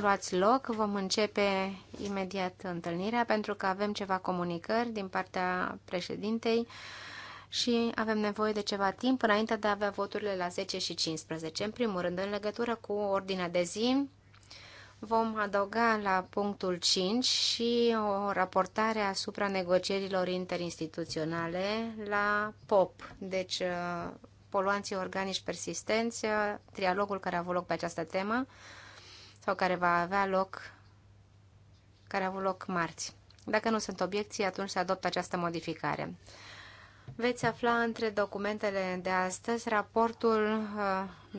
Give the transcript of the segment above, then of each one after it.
luați loc, vom începe imediat întâlnirea pentru că avem ceva comunicări din partea președintei și avem nevoie de ceva timp înainte de a avea voturile la 10 și 15. În primul rând, în legătură cu ordinea de zi, vom adăuga la punctul 5 și o raportare asupra negocierilor interinstituționale la POP, deci uh, poluanții organici persistenți, uh, trialogul care a avut loc pe această temă, sau care va avea loc, care a avut loc marți. Dacă nu sunt obiecții, atunci se adoptă această modificare. Veți afla între documentele de astăzi raportul uh,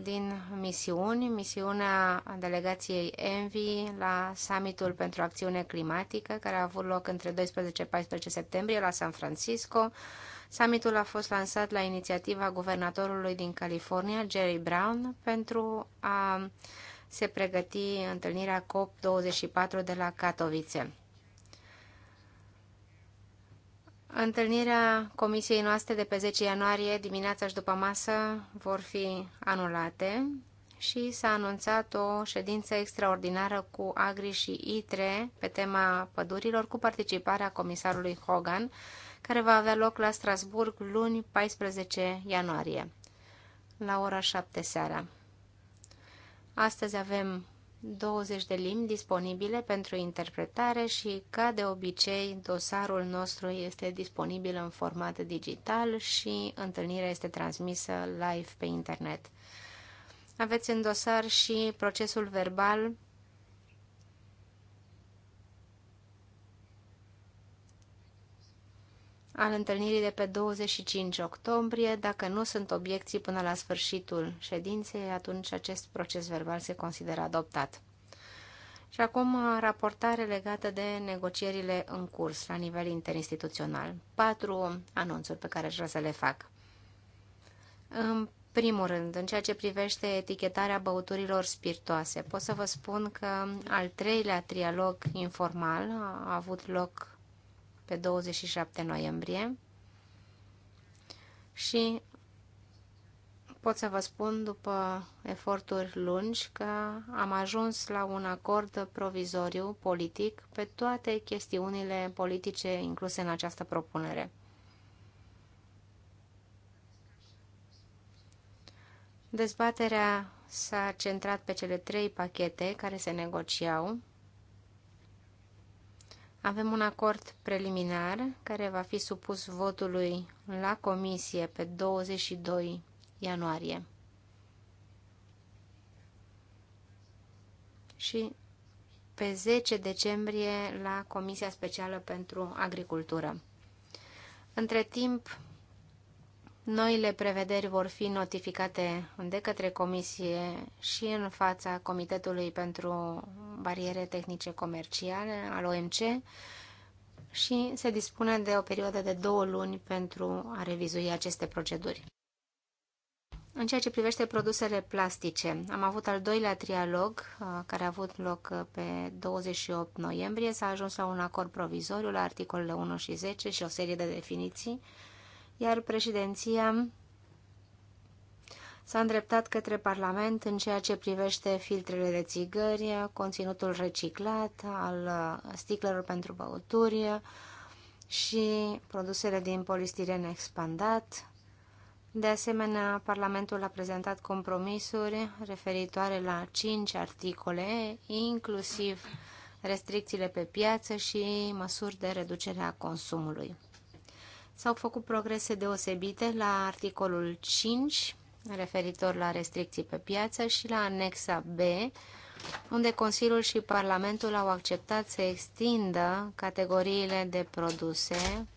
din misiuni, misiunea delegației ENVI la summitul pentru acțiune climatică, care a avut loc între 12-14 septembrie la San Francisco. Summitul a fost lansat la inițiativa guvernatorului din California, Jerry Brown, pentru a se pregăti întâlnirea COP24 de la Katowice. Întâlnirea comisiei noastre de pe 10 ianuarie, dimineața și după masă, vor fi anulate și s-a anunțat o ședință extraordinară cu Agri și ITRE pe tema pădurilor cu participarea comisarului Hogan, care va avea loc la Strasburg luni 14 ianuarie, la ora 7 seara. Astăzi avem 20 de limbi disponibile pentru interpretare și, ca de obicei, dosarul nostru este disponibil în format digital și întâlnirea este transmisă live pe internet. Aveți în dosar și procesul verbal al întâlnirii de pe 25 octombrie. Dacă nu sunt obiecții până la sfârșitul ședinței, atunci acest proces verbal se consideră adoptat. Și acum raportare legată de negocierile în curs la nivel interinstituțional. Patru anunțuri pe care aș vrea să le fac. În primul rând, în ceea ce privește etichetarea băuturilor spiritoase, pot să vă spun că al treilea trialog informal a avut loc pe 27 noiembrie și pot să vă spun, după eforturi lungi, că am ajuns la un acord provizoriu politic pe toate chestiunile politice incluse în această propunere. Dezbaterea s-a centrat pe cele trei pachete care se negociau avem un acord preliminar care va fi supus votului la comisie pe 22 ianuarie. Și pe 10 decembrie la Comisia Specială pentru Agricultură. Între timp, Noile prevederi vor fi notificate de către Comisie și în fața Comitetului pentru Bariere Tehnice Comerciale al OMC și se dispune de o perioadă de două luni pentru a revizui aceste proceduri. În ceea ce privește produsele plastice, am avut al doilea trialog uh, care a avut loc uh, pe 28 noiembrie. S-a ajuns la un acord provizoriu la articolele 1 și 10 și o serie de definiții iar președinția s-a îndreptat către Parlament în ceea ce privește filtrele de țigări, conținutul reciclat al sticlelor pentru băuturi și produsele din polistiren expandat. De asemenea, Parlamentul a prezentat compromisuri referitoare la cinci articole, inclusiv restricțiile pe piață și măsuri de reducere a consumului. S-au făcut progrese deosebite la articolul 5, referitor la restricții pe piață, și la anexa B, unde Consiliul și Parlamentul au acceptat să extindă categoriile de produse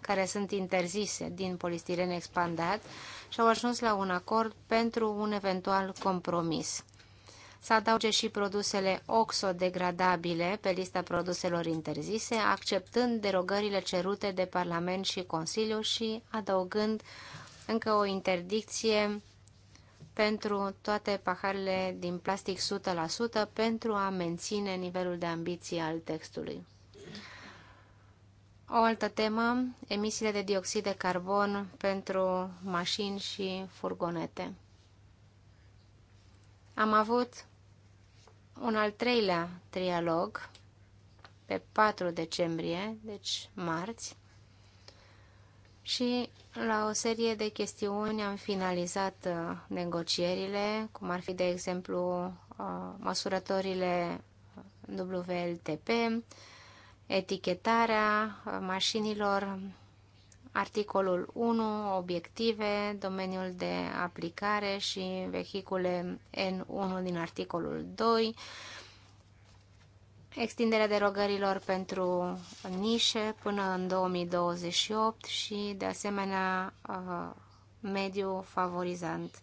care sunt interzise din polistiren expandat și au ajuns la un acord pentru un eventual compromis să adauge și produsele oxodegradabile pe lista produselor interzise, acceptând derogările cerute de Parlament și Consiliu și adăugând încă o interdicție pentru toate paharele din plastic 100% pentru a menține nivelul de ambiție al textului. O altă temă, emisiile de dioxid de carbon pentru mașini și furgonete. Am avut un al treilea trialog pe 4 decembrie, deci marți, și la o serie de chestiuni am finalizat uh, negocierile, cum ar fi, de exemplu, uh, măsurătorile WLTP, etichetarea uh, mașinilor, Articolul 1, obiective, domeniul de aplicare și vehicule N1 din articolul 2, extinderea derogărilor pentru nișe până în 2028 și, de asemenea, uh, mediu favorizant.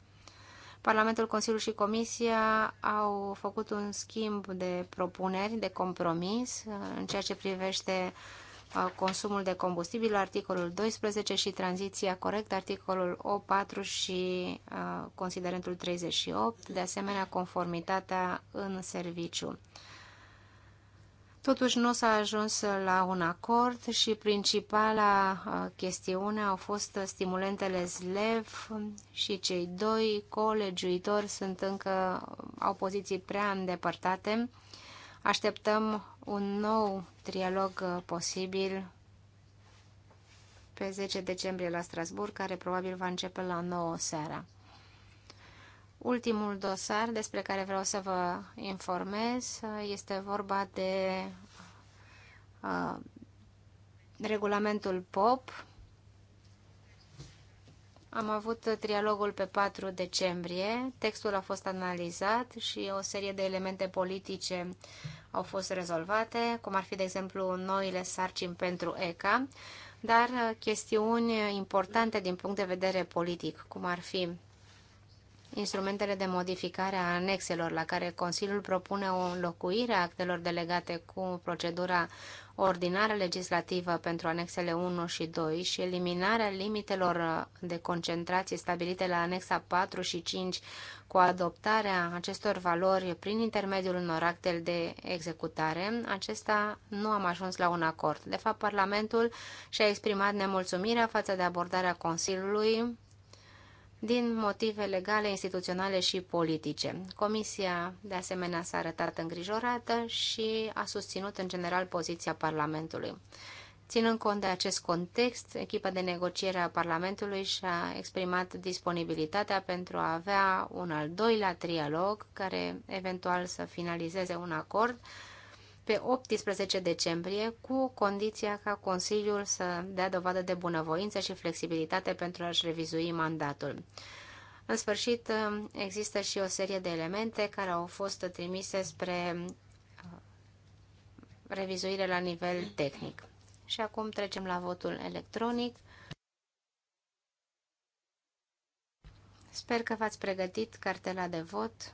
Parlamentul, Consiliul și Comisia au făcut un schimb de propuneri, de compromis, uh, în ceea ce privește uh, consumul de combustibil, articolul 12 și tranziția corect, articolul O4 și considerentul 38, de asemenea conformitatea în serviciu. Totuși nu s-a ajuns la un acord și principala chestiune au fost stimulentele SLEV și cei doi colegiuitori sunt încă, au poziții prea îndepărtate Așteptăm un nou trialog uh, posibil pe 10 decembrie la Strasburg, care probabil va începe la 9 seara. Ultimul dosar despre care vreau să vă informez uh, este vorba de uh, regulamentul POP, am avut trialogul pe 4 decembrie, textul a fost analizat și o serie de elemente politice au fost rezolvate, cum ar fi, de exemplu, noile sarcini pentru ECA, dar uh, chestiuni importante din punct de vedere politic, cum ar fi instrumentele de modificare a anexelor la care Consiliul propune o înlocuire a actelor delegate cu procedura ordinară legislativă pentru anexele 1 și 2 și eliminarea limitelor de concentrație stabilite la anexa 4 și 5 cu adoptarea acestor valori prin intermediul unor acte de executare, acesta nu am ajuns la un acord. De fapt, Parlamentul și-a exprimat nemulțumirea față de abordarea Consiliului din motive legale, instituționale și politice. Comisia, de asemenea, s-a arătat îngrijorată și a susținut în general poziția Parlamentului. Ținând cont de acest context, echipa de negociere a Parlamentului și-a exprimat disponibilitatea pentru a avea un al doilea trialog care eventual să finalizeze un acord pe 18 decembrie, cu condiția ca Consiliul să dea dovadă de bunăvoință și flexibilitate pentru a-și revizui mandatul. În sfârșit, există și o serie de elemente care au fost trimise spre uh, revizuire la nivel tehnic. Și acum trecem la votul electronic. Sper că v-ați pregătit cartela de vot.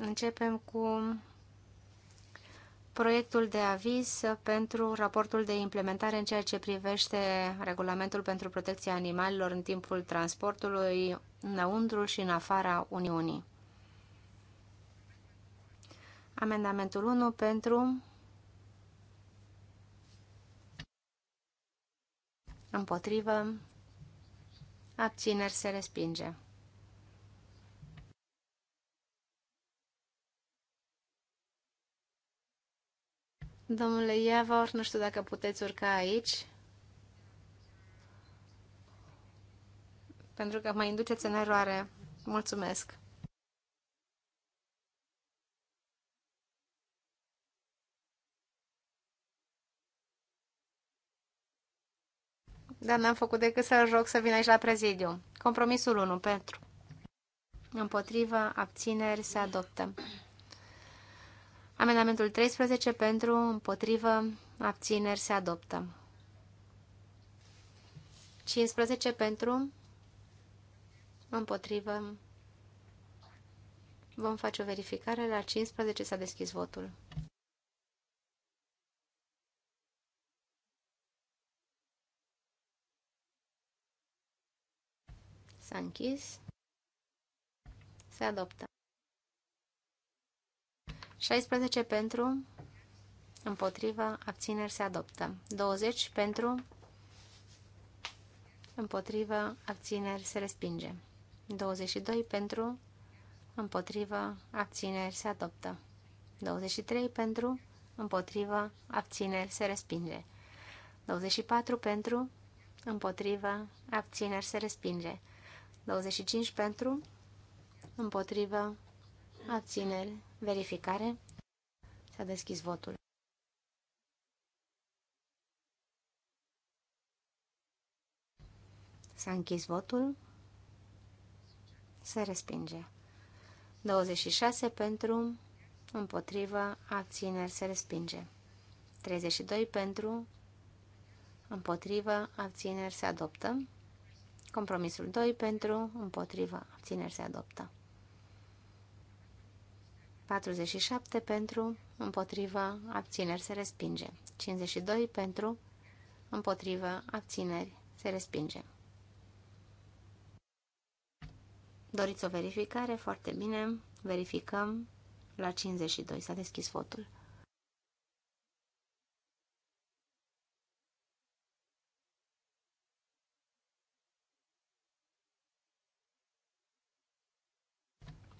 Începem cu proiectul de aviz pentru raportul de implementare în ceea ce privește regulamentul pentru protecția animalelor în timpul transportului înăuntru și în afara Uniunii. Amendamentul 1 pentru împotrivă abțineri se respinge. Domnule Iavor, nu știu dacă puteți urca aici. Pentru că mă induceți în eroare. Mulțumesc! Dar n-am făcut decât să-l rog să vină aici la prezidiu. Compromisul 1 pentru. Împotriva, abțineri, se adoptă. Amendamentul 13 pentru, împotrivă, abțineri se adoptă. 15 pentru, împotrivă, vom face o verificare, la 15 s-a deschis votul. S-a închis. Se adoptă. 16 pentru, împotrivă, abțineri se adoptă. 20 pentru, împotrivă, abțineri se respinge. 22 pentru, împotrivă, abțineri se adoptă. 23 pentru, împotrivă, abțineri se respinge. 24 pentru, împotrivă, abțineri se respinge. 25 pentru, împotrivă, abțineri, verificare. S-a deschis votul. S-a închis votul. Se respinge. 26 pentru, împotrivă, abțineri, se respinge. 32 pentru, împotrivă, abțineri, se adoptă. Compromisul 2 pentru, împotrivă, abțineri, se adoptă. 47 pentru, împotrivă, abțineri se respinge. 52 pentru, împotrivă, abțineri se respinge. Doriți o verificare? Foarte bine. Verificăm la 52. S-a deschis votul.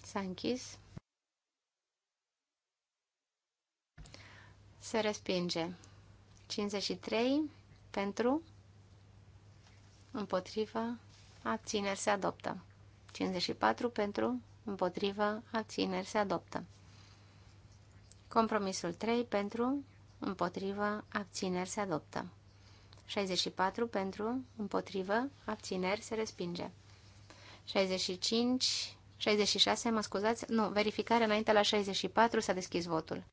S-a închis. se respinge. 53 pentru, împotrivă, abțineri se adoptă. 54 pentru, împotrivă, abțineri se adoptă. Compromisul 3 pentru, împotrivă, abțineri se adoptă. 64 pentru, împotrivă, abțineri se respinge. 65, 66, mă scuzați, nu, verificare înainte la 64 s-a deschis votul.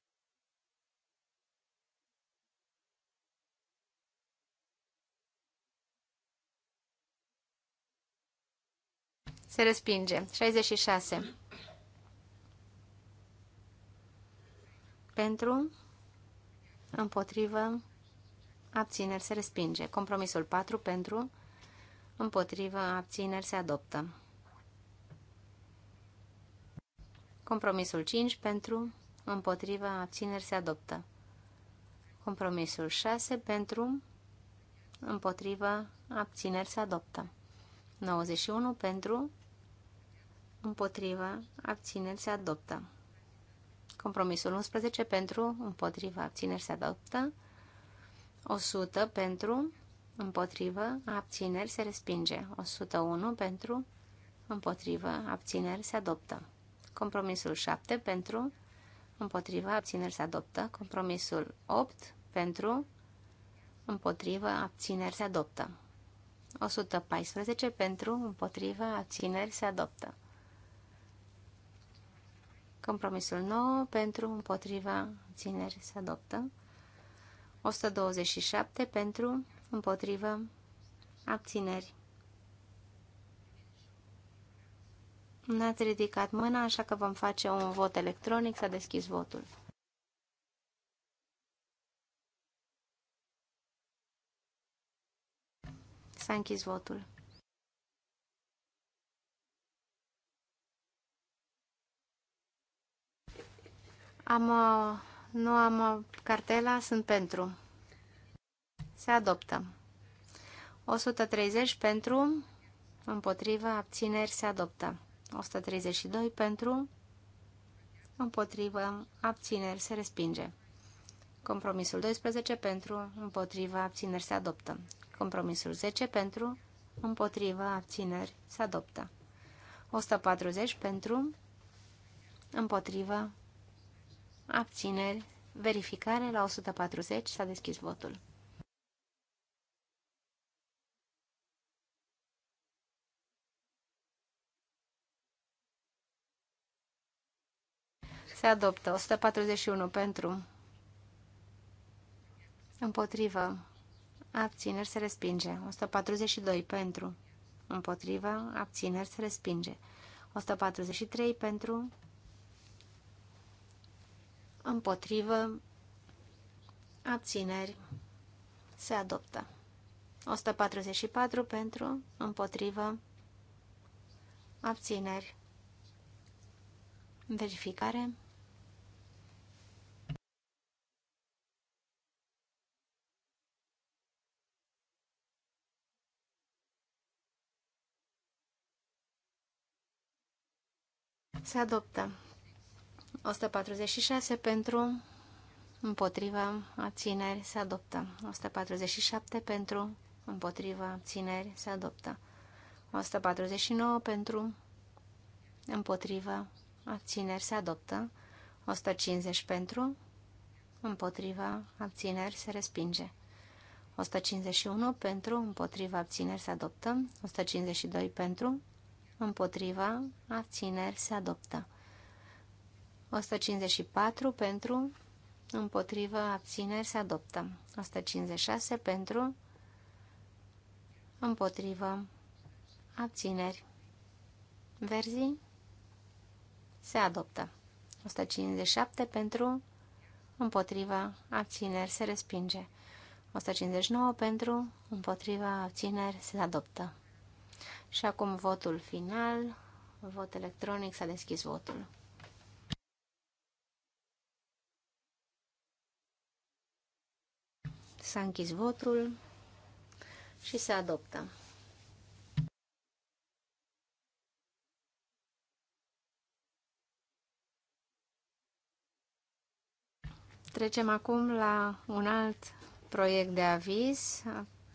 Se respinge. 66. Pentru, împotrivă, abțineri se respinge. Compromisul 4 pentru, împotrivă, abțineri se adoptă. Compromisul 5 pentru, împotrivă, abțineri se adoptă. Compromisul 6 pentru, împotrivă, abțineri se adoptă. 91 pentru, împotrivă, abțineri se adoptă. Compromisul 11 pentru, împotrivă, abțineri se adoptă. 100 pentru, împotrivă, abțineri se respinge. 101 pentru, împotrivă, abțineri se adoptă. Compromisul 7 pentru, împotrivă, abțineri se adoptă. Compromisul 8 pentru, împotrivă, abțineri se adoptă. 114 pentru, împotrivă, abțineri se adoptă. Compromisul nou pentru împotriva țineri se adoptă. 127 pentru împotriva abțineri. N-ați ridicat mâna, așa că vom face un vot electronic. S-a deschis votul. S-a închis votul. Am, uh, nu am uh, cartela, sunt pentru. Se adoptă. 130 pentru, împotrivă, abțineri, se adoptă. 132 pentru, împotrivă, abțineri, se respinge. Compromisul 12 pentru, împotrivă, abțineri, se adoptă. Compromisul 10 pentru, împotrivă, abțineri, se adoptă. 140 pentru, împotrivă, abțineri, verificare la 140, s-a deschis votul. Se adoptă 141 pentru, împotrivă, abțineri, se respinge, 142 pentru, împotrivă, abțineri, se respinge, 143 pentru, împotrivă, abțineri, se adoptă. 144 pentru, împotrivă, abțineri, verificare. Se adoptă. 146 pentru, împotriva, abțineri, se adoptă. 147 pentru, împotriva, abțineri, se adoptă. 149 pentru, împotriva, abțineri, se adoptă. 150 pentru, împotriva, abțineri, se respinge. 151 pentru, împotriva, abțineri, se adoptă. 152 pentru, împotriva, abțineri, se adoptă. 154 pentru, împotrivă, abțineri, se adoptă. 156 pentru, împotrivă, abțineri. Verzii se adoptă. 157 pentru, împotriva, abțineri, se respinge. 159 pentru, împotriva, abțineri, se adoptă. Și acum votul final, vot electronic, s-a deschis votul. S-a închis votul și se adoptă. Trecem acum la un alt proiect de aviz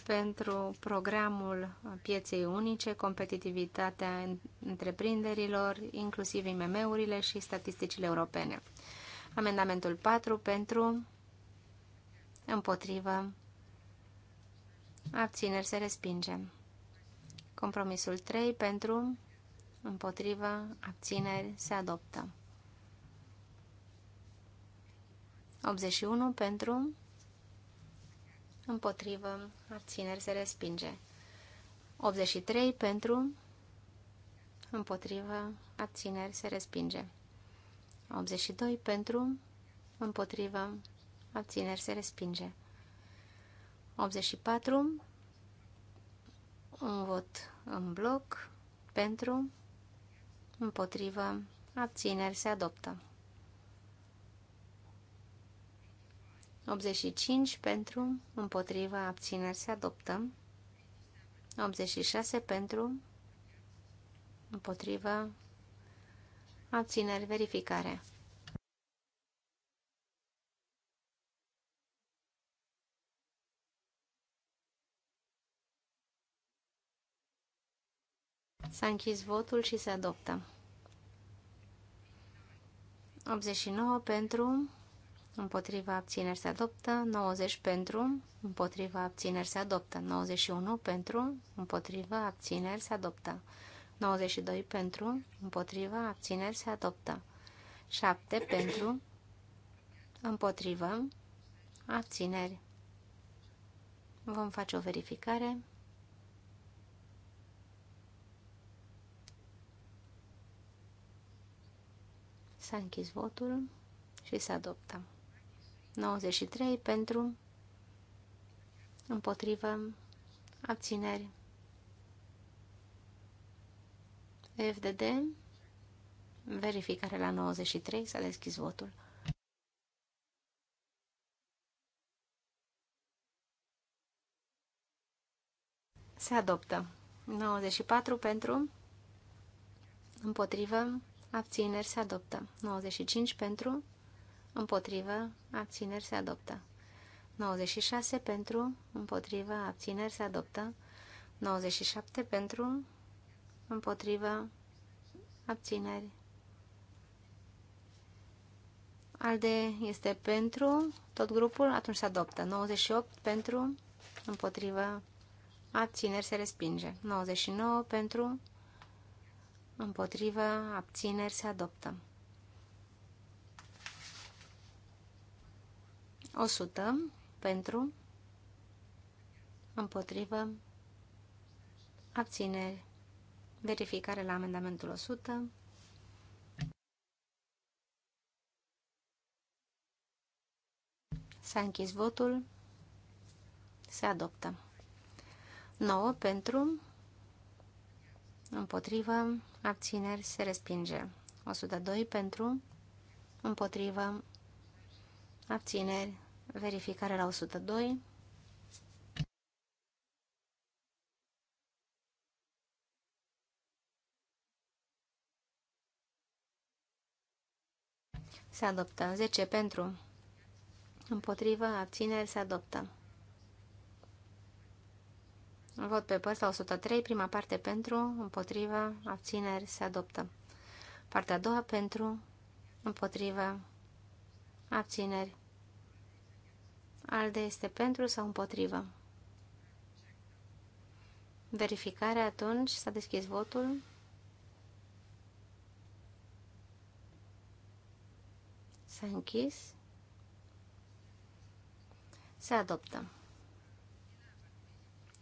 pentru programul pieței unice, competitivitatea întreprinderilor, inclusiv IMM-urile și statisticile europene. Amendamentul 4 pentru împotrivă, abțineri se respinge. Compromisul 3 pentru, împotrivă, abțineri se adoptă. 81 pentru, împotrivă, abțineri se respinge. 83 pentru, împotrivă, abțineri se respinge. 82 pentru, împotrivă, abțineri, se respinge. 84, un vot în bloc, pentru, împotrivă, abțineri, se adoptă. 85 pentru, împotriva, abțineri, se adoptă. 86 pentru, împotriva, abțineri, verificare. S-a închis votul și se adoptă. 89 pentru, împotriva abțineri se adoptă, 90 pentru, împotriva abțineri se adoptă, 91 pentru, împotriva abțineri se adoptă, 92 pentru, împotriva abțineri se adoptă, 7 pentru, împotriva abțineri. Vom face o verificare. S-a închis votul și se adoptă. 93 pentru, împotrivă, abțineri. FDD, verificare la 93, s-a deschis votul. Se adoptă. 94 pentru, împotrivă, abțineri se adoptă. 95 pentru, împotrivă, abțineri se adoptă. 96 pentru, împotrivă, abțineri se adoptă. 97 pentru, împotrivă, abțineri. Alde este pentru tot grupul, atunci se adoptă. 98 pentru, împotrivă, abțineri se respinge. 99 pentru, împotrivă, abțineri se adoptă. 100 pentru, împotrivă, abțineri, verificare la amendamentul 100. S-a închis votul, se adoptă. 9 pentru, împotrivă, abțineri, se respinge. 102 pentru, împotrivă, abțineri, verificare la 102. Se adoptă. 10 pentru, împotrivă, abțineri, se adoptă. Vot pe părți la 103, prima parte pentru, împotriva, abțineri, se adoptă. Partea a doua pentru, împotriva, abțineri. Alde este pentru sau împotrivă? Verificare atunci, s-a deschis votul. S-a închis. Se adoptă.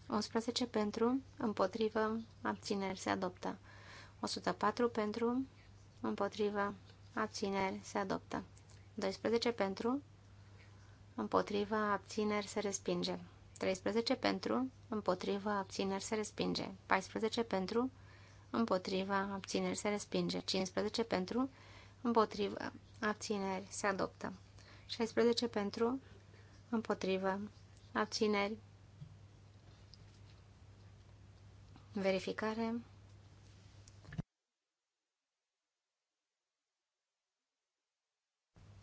11 pentru, împotrivă, abțineri, se adoptă. 104 pentru, împotrivă, abțineri, se adoptă. 12 pentru, împotrivă, abțineri, se respinge. 13 pentru, împotrivă, abțineri, se respinge. 14 pentru, împotrivă, abțineri, se respinge. 15 pentru, împotrivă, abțineri, se adoptă. 16 pentru, împotrivă, abțineri, Verificare.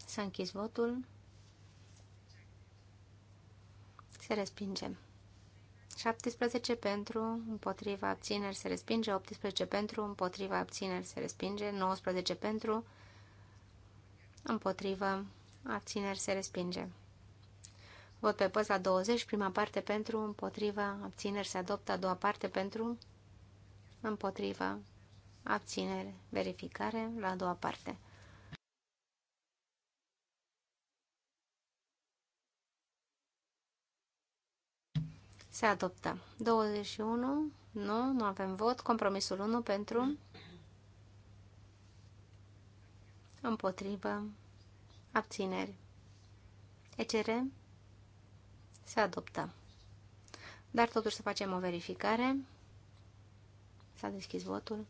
S-a închis votul. Se respinge. 17 pentru, împotriva abțineri se respinge, 18 pentru, împotriva abțineri se respinge, 19 pentru, împotriva abțineri se respinge. Vot pe păs la 20, prima parte pentru, împotriva, abțineri se adoptă, a doua parte pentru, împotriva, abțineri, verificare la a doua parte. Se adoptă. 21, nu, nu avem vot. Compromisul 1 pentru, împotrivă, abțineri. ECR se adoptă. Dar totuși să facem o verificare. S-a deschis votul.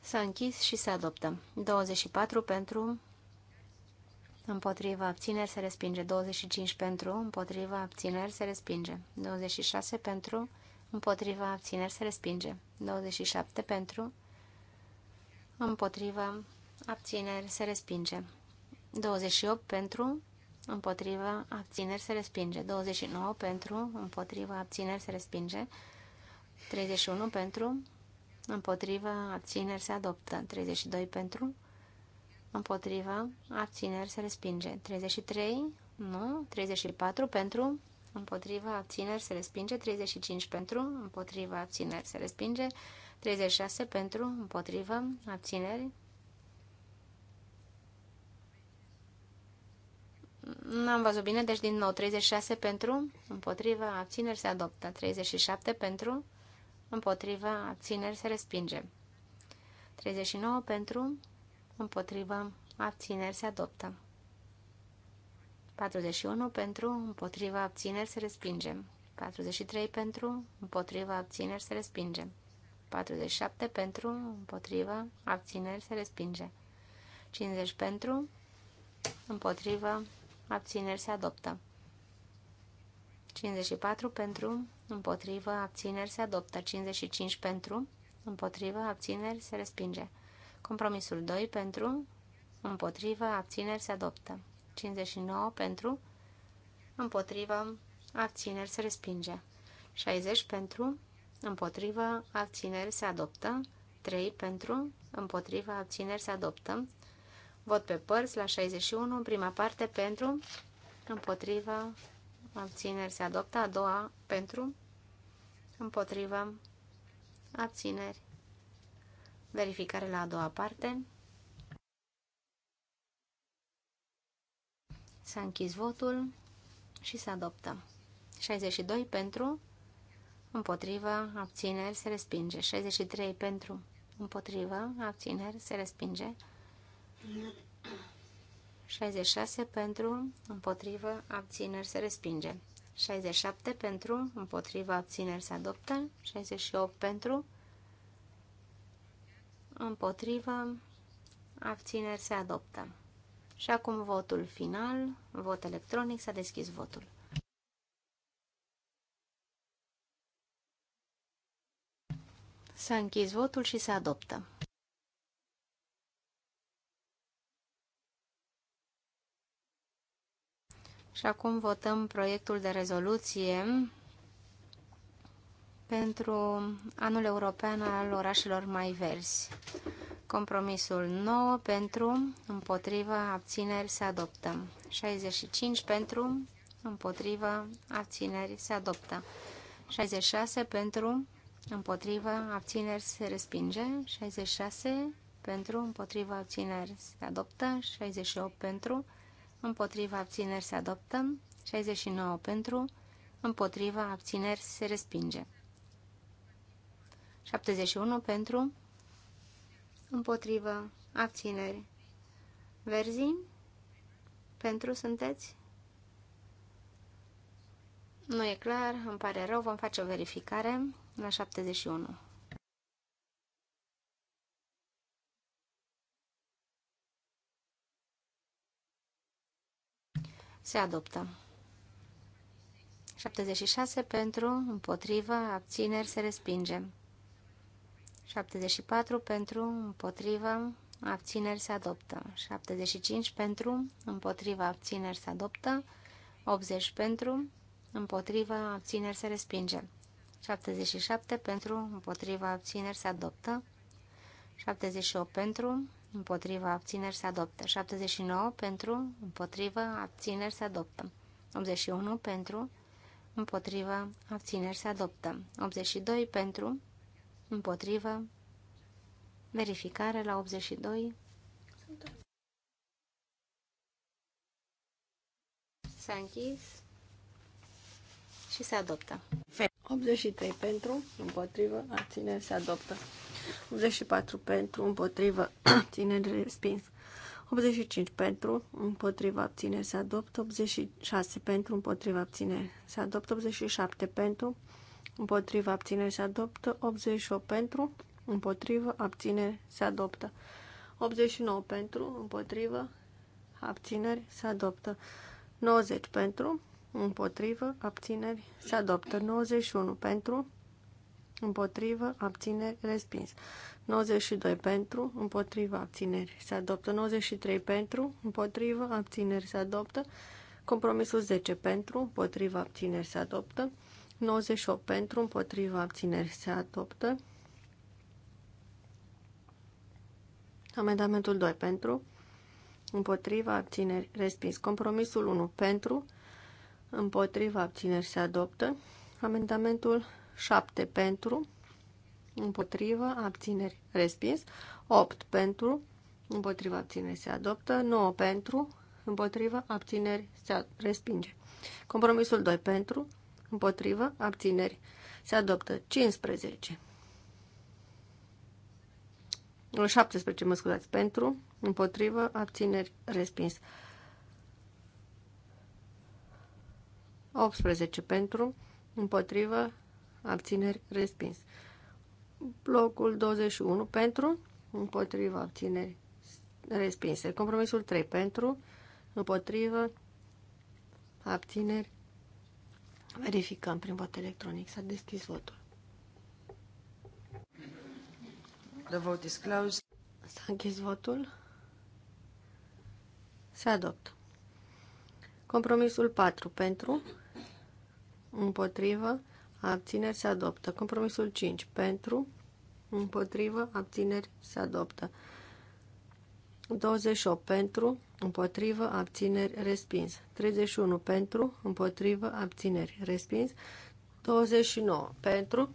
S-a închis și se adoptă. 24 pentru, împotriva abțineri se respinge. 25 pentru, împotriva abțineri se respinge. 26 pentru, împotriva abțineri se respinge. 27 pentru, împotriva abțineri, se respinge. 28 pentru, împotrivă, abțineri, se respinge. 29 pentru, împotrivă, abțineri, se respinge. 31 pentru, împotrivă, abțineri, se adoptă. 32 pentru, împotrivă, abțineri, se respinge. 33, nu, 34 pentru, împotriva abțineri se respinge, 35 pentru, împotriva abțineri se respinge, 36 pentru, împotriva abțineri N-am văzut bine, deci din nou 36 pentru, împotriva, abțineri se adoptă. 37 pentru, împotriva, abțineri se respinge. 39 pentru, împotriva, abțineri se adoptă. 41 pentru, împotriva, abțineri se respinge. 43 pentru, împotriva, abțineri se respinge. 47 pentru, împotriva, abțineri se respinge. 50 pentru, împotriva, abțineri se adoptă. 54 pentru, împotrivă, abțineri se adoptă. 55 pentru, împotrivă, abțineri se respinge. Compromisul 2 pentru, împotrivă, abțineri se adoptă. 59 pentru, împotrivă, abțineri se respinge. 60 pentru, împotrivă, abțineri se adoptă. 3 pentru, împotrivă, abțineri se adoptă. Vot pe părți la 61, prima parte pentru, împotriva, abțineri se adoptă, a doua pentru, împotriva, abțineri. Verificare la a doua parte. S-a închis votul și se adoptă. 62 pentru, împotrivă, abțineri, se respinge. 63 pentru, împotrivă, abțineri, se respinge. 66 pentru, împotrivă, abțineri se respinge. 67 pentru, împotrivă, abțineri se adoptă. 68 pentru, împotrivă, abțineri se adoptă. Și acum votul final, vot electronic, s-a deschis votul. S-a închis votul și se adoptă. Și acum votăm proiectul de rezoluție pentru anul european al orașelor mai verzi. Compromisul 9 pentru, împotriva, abțineri se adoptă. 65 pentru, împotriva, abțineri se adoptă. 66 pentru, împotriva, abțineri se respinge. 66 pentru, împotriva, abțineri se adoptă. 68 pentru, împotriva abțineri se adoptă, 69 pentru, împotriva abțineri se respinge. 71 pentru, împotriva abțineri. Verzi, pentru sunteți? Nu e clar, îmi pare rău, vom face o verificare la 71. Se adoptă. 76 pentru, împotrivă, abțineri, se respinge. 74 pentru, împotrivă, abțineri, se adoptă. 75 pentru, împotrivă, abțineri, se adoptă. 80 pentru, împotrivă, abțineri, se respinge. 77 pentru, împotriva abțineri se adoptă, 78 pentru, împotriva, abțineri se adoptă. 79 pentru, împotriva, abțineri se adoptă. 81 pentru, împotriva, abțineri se adoptă. 82 pentru, împotriva, verificare la 82. S-a închis și se adoptă. 83 pentru, împotrivă, abțineri se adoptă. 84 pentru, împotrivă, abțineri, respins. 85 pentru, împotrivă, abține se adoptă, 86 pentru, împotrivă, abține se adoptă, 87 pentru, împotrivă, abține se adoptă, 88 pentru, împotrivă, abține se adoptă, 89 pentru, împotrivă, abțineri se adoptă, 90 pentru, împotrivă, abțineri se adoptă, 91 pentru, împotrivă, abțineri, respins. 92 pentru, împotrivă, abțineri, se adoptă. 93 pentru, împotrivă, abțineri, se adoptă. Compromisul 10 pentru, împotrivă, abțineri, se adoptă. 98 pentru, împotrivă, abțineri, se adoptă. Amendamentul 2 pentru, împotrivă, abțineri, respins. Compromisul 1 pentru, împotrivă, abțineri se adoptă. Amendamentul 7 pentru, împotrivă, abțineri, respins. 8 pentru, împotrivă, abțineri, se adoptă. 9 pentru, împotrivă, abțineri, se respinge. Compromisul 2 pentru, împotrivă, abțineri, se adoptă. 15. 17, mă scuzați, pentru, împotrivă, abțineri, respins. 18 pentru, împotrivă, abțineri, respins. Blocul 21 pentru, împotriva, abțineri, respinse. Compromisul 3 pentru, împotrivă, abțineri. Verificăm prin vot electronic. S-a deschis votul. The vote is closed. S-a închis votul. Se adoptă. Compromisul 4 pentru, împotrivă, abțineri se adoptă. Compromisul 5 pentru, împotrivă, abțineri se adoptă. 28 pentru, împotrivă, abțineri, respins. 31 pentru, împotrivă, abțineri, respins. 29 pentru,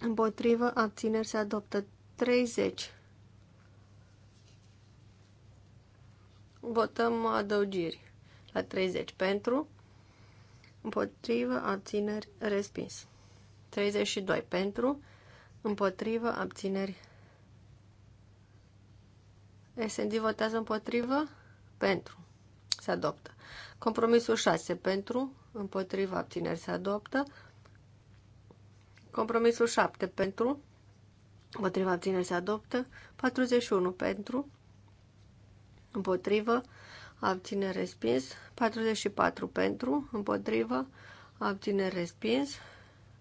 împotrivă, abțineri, se adoptă. 30. Votăm adăugiri la 30 pentru, împotrivă, abțineri, respins. 32 pentru, împotrivă, abțineri. SND votează împotrivă, pentru, se adoptă. Compromisul 6 pentru, împotrivă, abțineri, se adoptă. Compromisul 7 pentru, împotrivă, abțineri, se adoptă. 41 pentru, împotrivă, abține respins, 44 pentru, împotrivă, abține respins,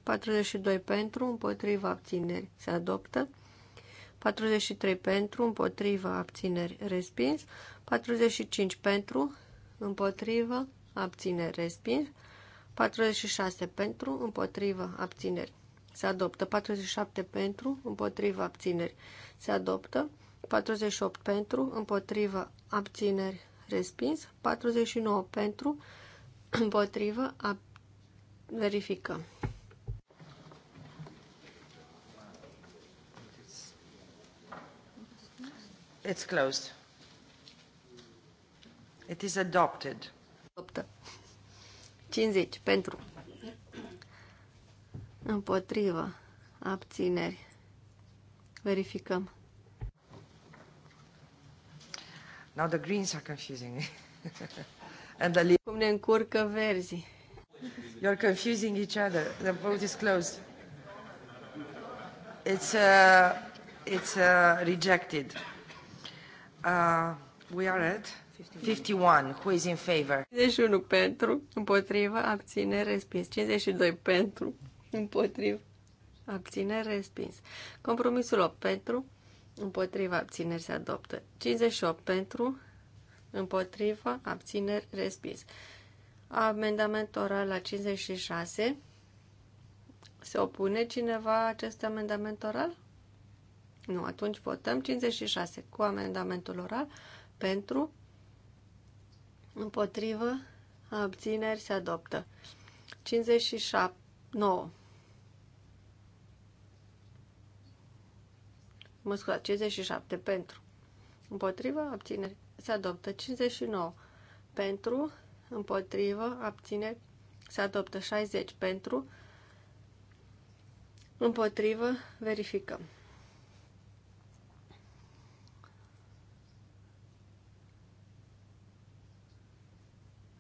42 pentru, împotrivă, abțineri, se adoptă, 43 pentru, împotrivă, abțineri, respins, 45 pentru, împotrivă, abțineri, respins, 46 pentru, împotrivă, abțineri, se adoptă, 47 pentru, împotrivă, abțineri, se adoptă, 48 pentru, împotrivă, abțineri, respins, 49 pentru, împotrivă, a... verificăm. It's closed. It is adopted. 50 pentru. Împotrivă. Abțineri. Verificăm. Now the greens are confusing me. And the Cum ne încurcă verzi. You're confusing each other. The vote is closed. It's, uh, it's uh, rejected. Uh, we are at 51. Who is in favor? 51 pentru, împotrivă, abține, respins. 52 pentru, împotrivă, abține, respins. Compromisul 8 pentru, împotriva abțineri se adoptă. 58 pentru, împotriva abțineri respins. Amendament oral la 56. Se opune cineva acest amendament oral? Nu, atunci votăm 56 cu amendamentul oral pentru, împotrivă, abțineri se adoptă. 57, 9 mă scuzați, 57 pentru, împotrivă, abțineri, se adoptă 59 pentru, împotrivă, abțineri, se adoptă 60 pentru, împotrivă, verificăm.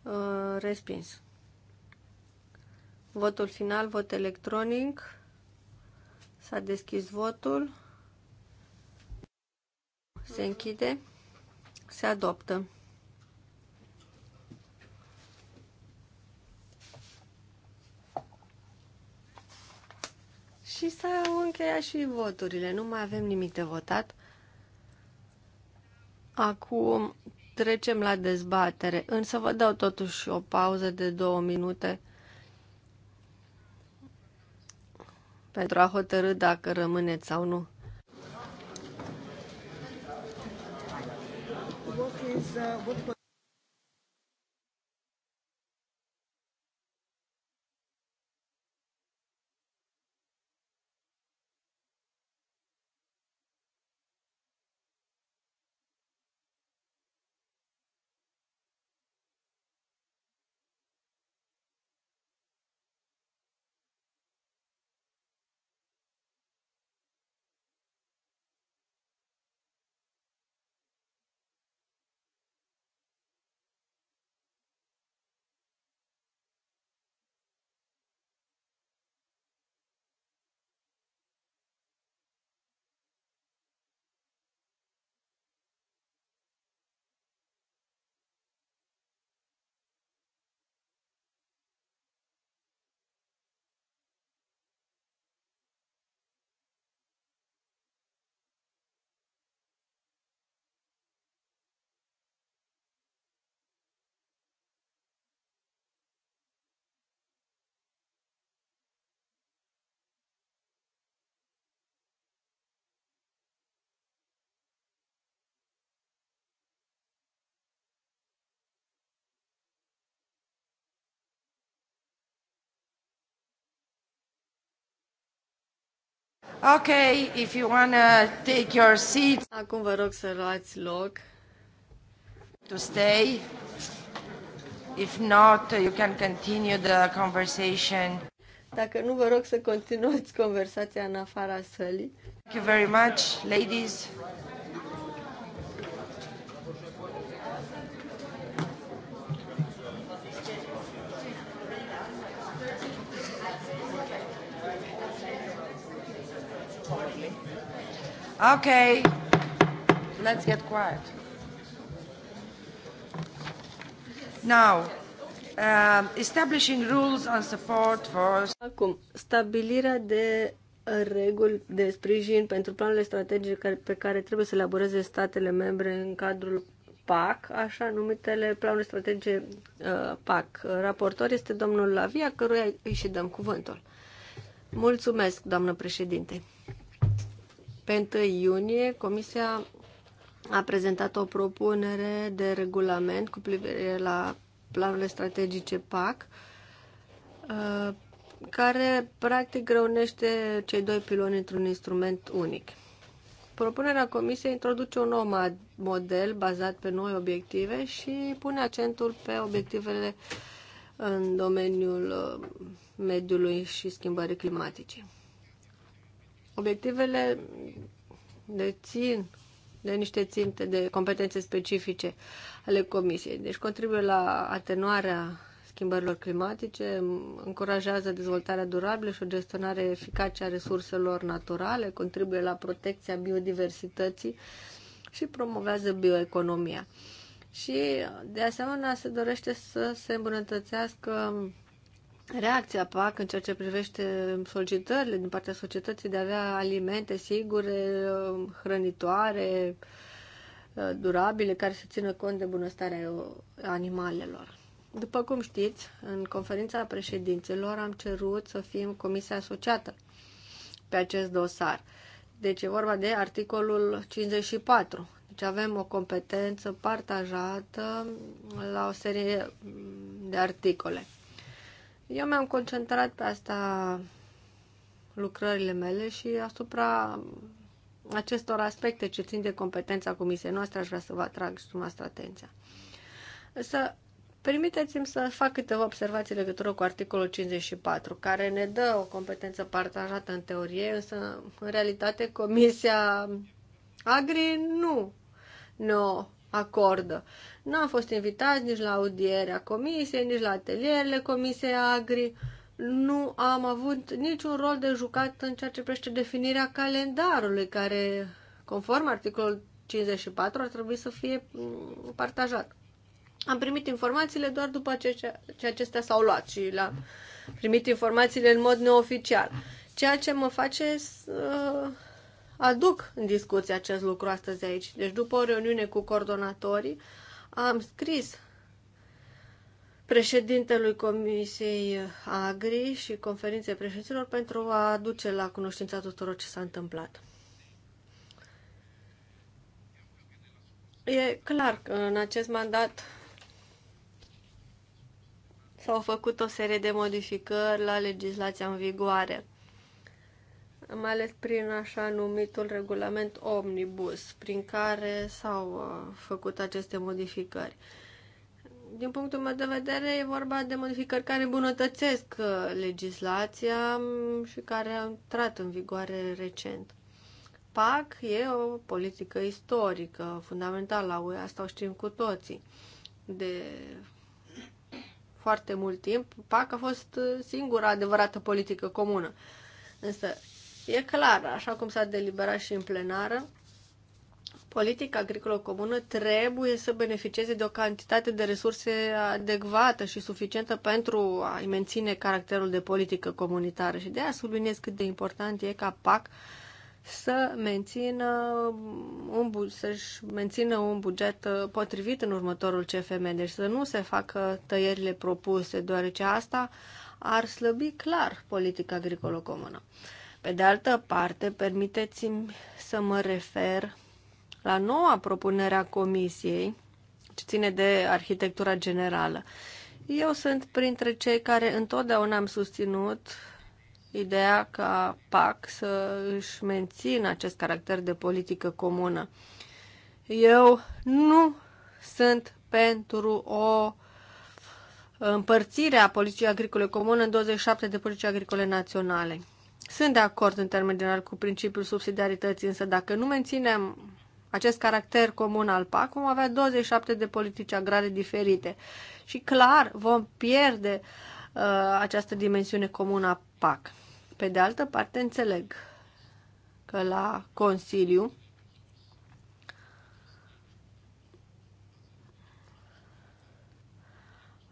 Uh, respins. Votul final, vot electronic. S-a deschis votul se închide, se adoptă. Și s a încheiat și voturile, nu mai avem nimic de votat. Acum trecem la dezbatere, însă vă dau totuși o pauză de două minute pentru a hotărâ dacă rămâneți sau nu. uh, what Ok, if you wanna take your seat. Acum vă rog să luați loc. To stay. If not, you can continue the conversation. Dacă nu, vă rog să continuați conversația în afara sălii. Thank you very much, ladies. Okay. Let's get quiet. Now, uh, establishing rules on support for... Acum, stabilirea de reguli de sprijin pentru planurile strategice pe care trebuie să elaboreze statele membre în cadrul PAC, așa numitele planuri strategice uh, PAC. Raportor este domnul Lavia, căruia îi și dăm cuvântul. Mulțumesc, doamnă președinte. Pe 1 iunie, Comisia a prezentat o propunere de regulament cu privire la planurile strategice PAC, uh, care practic răunește cei doi piloni într-un instrument unic. Propunerea Comisiei introduce un nou model bazat pe noi obiective și pune accentul pe obiectivele în domeniul uh, mediului și schimbării climatice. Obiectivele de țin de niște ținte de competențe specifice ale Comisiei. Deci contribuie la atenuarea schimbărilor climatice, încurajează dezvoltarea durabilă și o gestionare eficace a resurselor naturale, contribuie la protecția biodiversității și promovează bioeconomia. Și, de asemenea, se dorește să se îmbunătățească reacția PAC în ceea ce privește solicitările din partea societății de a avea alimente sigure, hrănitoare, durabile, care să țină cont de bunăstarea animalelor. După cum știți, în conferința președinților am cerut să fim comisia asociată pe acest dosar. Deci e vorba de articolul 54. Deci avem o competență partajată la o serie de articole. Eu mi-am concentrat pe asta lucrările mele și asupra acestor aspecte ce țin de competența comisiei noastre aș vrea să vă atrag și dumneavoastră atenția. Să permiteți-mi să fac câteva observații legătură cu articolul 54, care ne dă o competență partajată în teorie, însă în realitate comisia Agri nu ne-o acordă. Nu am fost invitați nici la audierea comisiei, nici la atelierele comisiei agri. Nu am avut niciun rol de jucat în ceea ce privește definirea calendarului, care, conform articolul 54, ar trebui să fie mm, partajat. Am primit informațiile doar după ce, ce acestea s-au luat și le-am primit informațiile în mod neoficial. Ceea ce mă face să aduc în discuție acest lucru astăzi aici. Deci după o reuniune cu coordonatorii am scris președintelui Comisiei Agri și conferinței președinților pentru a aduce la cunoștința tuturor ce s-a întâmplat. E clar că în acest mandat s-au făcut o serie de modificări la legislația în vigoare mai ales prin așa numitul regulament omnibus, prin care s-au uh, făcut aceste modificări. Din punctul meu de vedere, e vorba de modificări care îmbunătățesc uh, legislația mm, și care au intrat în vigoare recent. PAC e o politică istorică, fundamentală la UE, asta o știm cu toții. De foarte mult timp, PAC a fost uh, singura adevărată politică comună. Însă E clar, așa cum s-a deliberat și în plenară, politica agricolă comună trebuie să beneficieze de o cantitate de resurse adecvată și suficientă pentru a-i menține caracterul de politică comunitară. Și de aia subliniez cât de important e ca PAC să mențină un, să-și mențină un buget uh, potrivit în următorul CFM, deci să nu se facă tăierile propuse, deoarece asta ar slăbi clar politica agricolă comună. Pe de altă parte, permiteți-mi să mă refer la noua propunere a Comisiei, ce ține de arhitectura generală. Eu sunt printre cei care întotdeauna am susținut ideea ca PAC să își mențină acest caracter de politică comună. Eu nu sunt pentru o împărțire a politicii agricole comune în 27 de politici agricole naționale. Sunt de acord în termen general cu principiul subsidiarității, însă dacă nu menținem acest caracter comun al PAC, vom avea 27 de politici agrare diferite și clar vom pierde uh, această dimensiune comună a PAC. Pe de altă parte, înțeleg că la Consiliu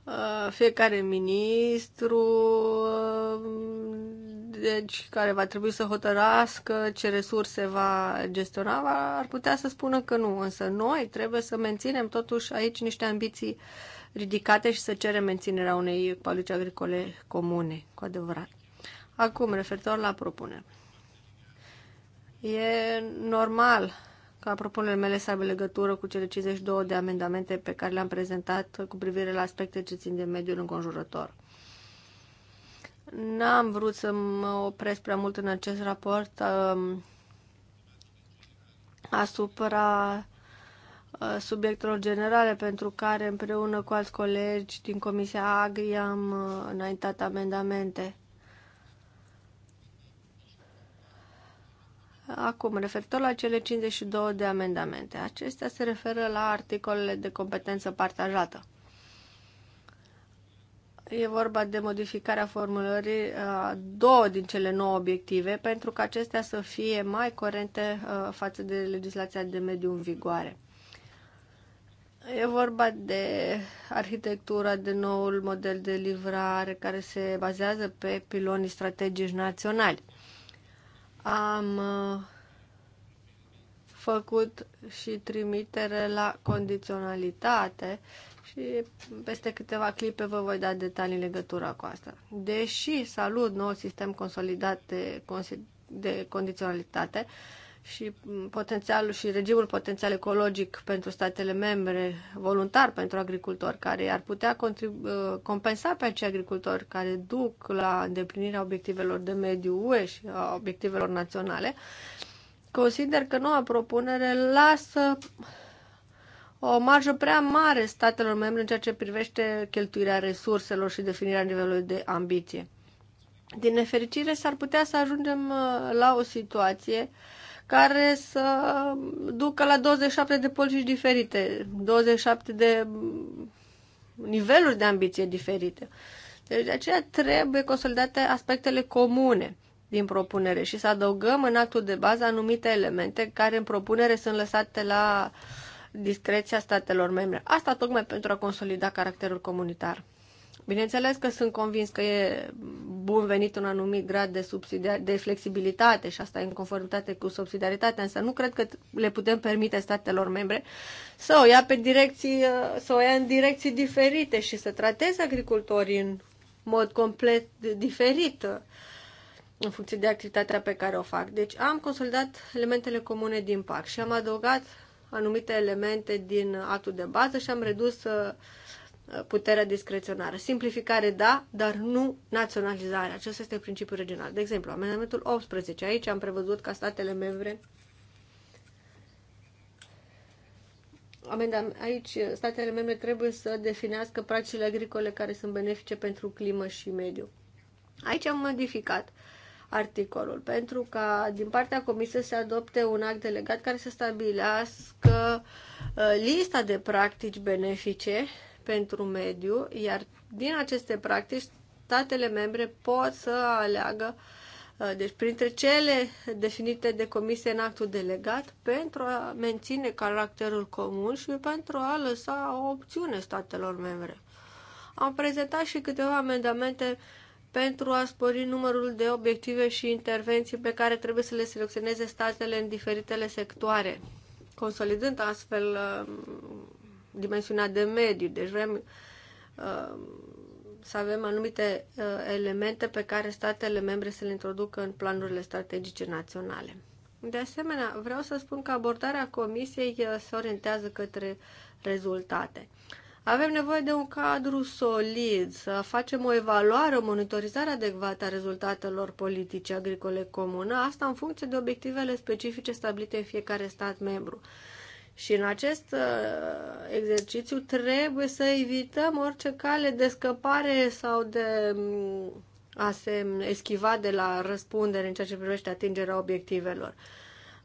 uh, fiecare ministru uh, deci, care va trebui să hotărască ce resurse va gestiona, va ar putea să spună că nu. Însă noi trebuie să menținem totuși aici niște ambiții ridicate și să cerem menținerea unei politici agricole comune, cu adevărat. Acum, referitor la propunere. E normal ca propunerile mele să aibă legătură cu cele 52 de amendamente pe care le-am prezentat cu privire la aspecte ce țin de mediul înconjurător. N-am vrut să mă opresc prea mult în acest raport um, asupra uh, subiectelor generale pentru care împreună cu alți colegi din Comisia Agri am uh, înaintat amendamente. Acum, referitor la cele 52 de amendamente, acestea se referă la articolele de competență partajată. E vorba de modificarea formulării a uh, două din cele nouă obiective pentru ca acestea să fie mai corente uh, față de legislația de mediu în vigoare. E vorba de arhitectura, de noul model de livrare care se bazează pe pilonii strategici naționali. Am uh, făcut și trimitere la condiționalitate uh, și peste câteva clipe vă voi da detalii în legătură cu asta. Deși salut nou sistem consolidat de, de condiționalitate și potențialul și regimul potențial ecologic pentru statele membre voluntar pentru agricultori care ar putea uh, compensa pe acei agricultori care duc la îndeplinirea obiectivelor de mediu UE și a obiectivelor naționale, consider că noua propunere lasă o marjă prea mare statelor membre în ceea ce privește cheltuirea resurselor și definirea nivelului de ambiție. Din nefericire, s-ar putea să ajungem uh, la o situație care să ducă la 27 de politici diferite, 27 de mm, niveluri de ambiție diferite. Deci de aceea trebuie consolidate aspectele comune din propunere și să adăugăm în actul de bază anumite elemente care în propunere sunt lăsate la uh, discreția statelor membre. Asta tocmai pentru a consolida caracterul comunitar. Bineînțeles că sunt convins că e bun venit un anumit grad de, de flexibilitate și asta e în conformitate cu subsidiaritatea, însă nu cred că le putem permite statelor membre să o ia pe direcții, să o ia în direcții diferite și să trateze agricultorii în mod complet diferit în funcție de activitatea pe care o fac. Deci am consolidat elementele comune din PAC și am adăugat anumite elemente din actul de bază și am redus uh, puterea discreționară. Simplificare, da, dar nu naționalizare. Acesta este principiul regional. De exemplu, amendamentul 18. Aici am prevăzut ca statele membre aici statele membre trebuie să definească practicile agricole care sunt benefice pentru climă și mediu. Aici am modificat. Uh, articolul, pentru ca din partea Comisiei să adopte un act delegat care să stabilească uh, lista de practici benefice pentru mediu, iar din aceste practici statele membre pot să aleagă uh, deci printre cele definite de comisie în actul delegat pentru a menține caracterul comun și pentru a lăsa o opțiune statelor membre. Am prezentat și câteva amendamente uh, pentru a spori numărul de obiective și intervenții pe care trebuie să le selecționeze statele în diferitele sectoare, consolidând astfel um, dimensiunea de mediu. Deci vrem um, să avem anumite uh, elemente pe care statele membre să le introducă în planurile strategice naționale. De asemenea, vreau să spun că abordarea Comisiei uh, se orientează către rezultate. Avem nevoie de un cadru solid, să facem o evaluare, o monitorizare adecvată a rezultatelor politice agricole comune, asta în funcție de obiectivele specifice stabilite în fiecare stat membru. Și în acest uh, exercițiu trebuie să evităm orice cale de scăpare sau de mm, a se eschiva de la răspundere în ceea ce privește atingerea obiectivelor.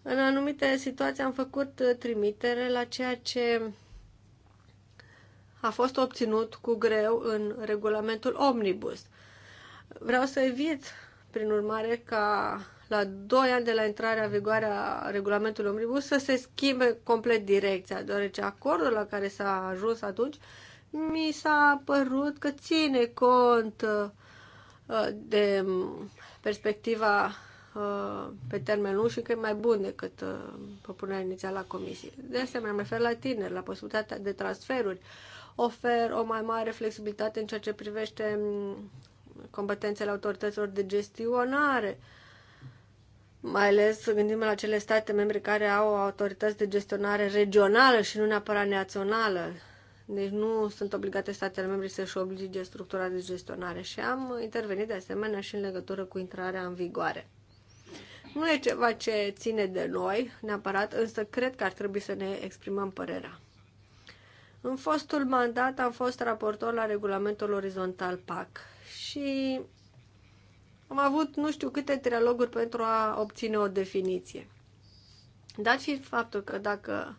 În anumite situații am făcut uh, trimitere la ceea ce a fost obținut cu greu în regulamentul Omnibus. Vreau să evit, prin urmare, ca la 2 ani de la intrarea vigoare a regulamentului Omnibus să se schimbe complet direcția, deoarece acordul la care s-a ajuns atunci mi s-a părut că ține cont uh, de mm, perspectiva uh, pe termen lung și că e mai bun decât uh, propunerea inițială a comisiei. De asemenea, mă refer la tineri, la posibilitatea de transferuri ofer o mai mare flexibilitate în ceea ce privește mm, competențele autorităților de gestionare, mai ales gândim la cele state membre care au autorități de gestionare regională și nu neapărat națională. Deci nu sunt obligate statele membre să-și oblige structura de gestionare și am intervenit de asemenea și în legătură cu intrarea în vigoare. Nu e ceva ce ține de noi neapărat, însă cred că ar trebui să ne exprimăm părerea. În fostul mandat am fost raportor la regulamentul orizontal PAC și am avut nu știu câte trialoguri pentru a obține o definiție. Dat fiind faptul că dacă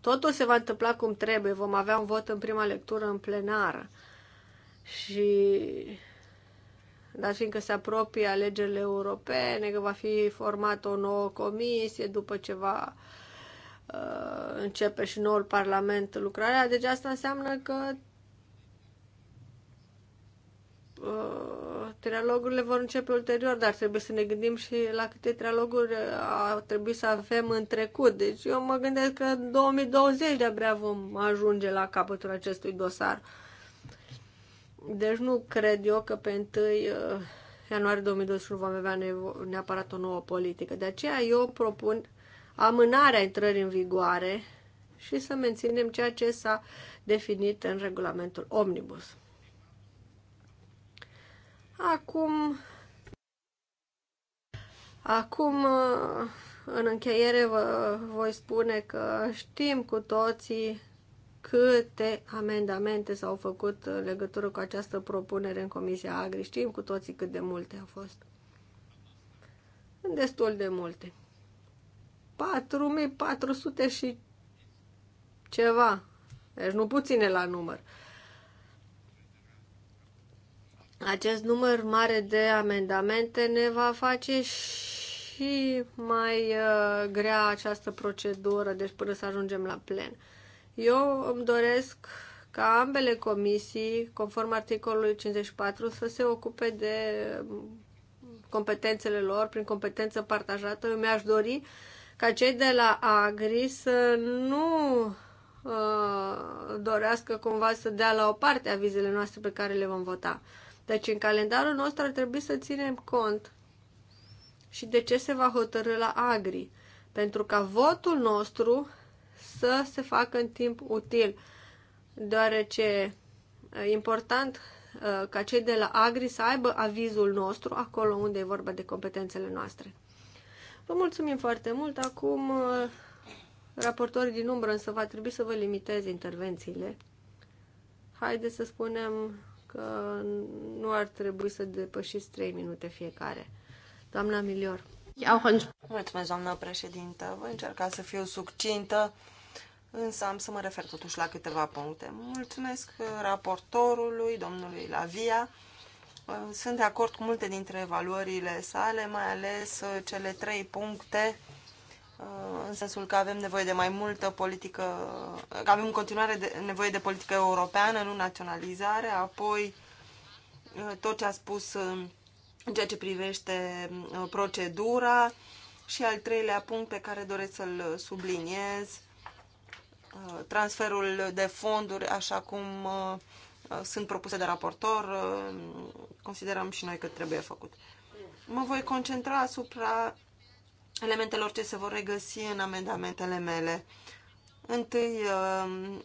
totul se va întâmpla cum trebuie, vom avea un vot în prima lectură în plenară și dar fiindcă se apropie alegerile europene, că va fi formată o nouă comisie după ce va uh, Uh, începe și noul Parlament lucrarea, deci asta înseamnă că uh, trialogurile vor începe ulterior, dar trebuie să ne gândim și la câte trialoguri uh, a trebuit să avem în trecut. Deci eu mă gândesc că în 2020 de-abia vom ajunge la capătul acestui dosar. Deci nu cred eu că pe 1 ianuarie 2021 vom avea neapărat o nouă politică. De aceea eu propun amânarea intrării în vigoare și să menținem ceea ce s-a definit în regulamentul Omnibus. Acum, acum uh, în încheiere vă voi spune că știm cu toții câte amendamente s-au făcut în legătură cu această propunere în Comisia Agri. Știm cu toții cât de multe au fost. Destul de multe. 4400 și ceva. Deci nu puține la număr. Acest număr mare de amendamente ne va face și mai uh, grea această procedură, deci până să ajungem la plen. Eu îmi doresc ca ambele comisii, conform articolului 54, să se ocupe de um, competențele lor, prin competență partajată. Eu mi-aș dori uh, ca cei de la Agri să nu uh, dorească cumva să dea la o parte avizele noastre pe care le vom vota. Deci în calendarul nostru ar trebui să ținem cont și de ce se va hotărâ la Agri, pentru ca votul nostru să se facă în timp util, deoarece e uh, important uh, ca cei de la Agri să aibă avizul nostru acolo unde e vorba de competențele noastre. Vă mulțumim foarte mult. Acum, uh, raportorii din umbră, însă va trebui să vă limitez intervențiile. Haideți să spunem că nu ar trebui să depășiți 3 minute fiecare. Doamna Milior. Mulțumesc, doamnă președintă. Voi încerca să fiu succintă, însă am să mă refer totuși la câteva puncte. Mulțumesc uh, raportorului, domnului Lavia, Uh, sunt de acord cu multe dintre evaluările sale, mai ales uh, cele trei puncte, uh, în sensul că avem nevoie de mai multă politică, că avem în continuare de, nevoie de politică europeană, nu naționalizare, apoi tot ce a spus în ceea ce privește procedura și al treilea punct pe care doresc să-l subliniez, transferul de fonduri, așa cum Uh, sunt propuse de raportor, uh, considerăm și noi că trebuie făcut. Mă voi concentra asupra elementelor ce se vor regăsi în amendamentele mele. Întâi, uh,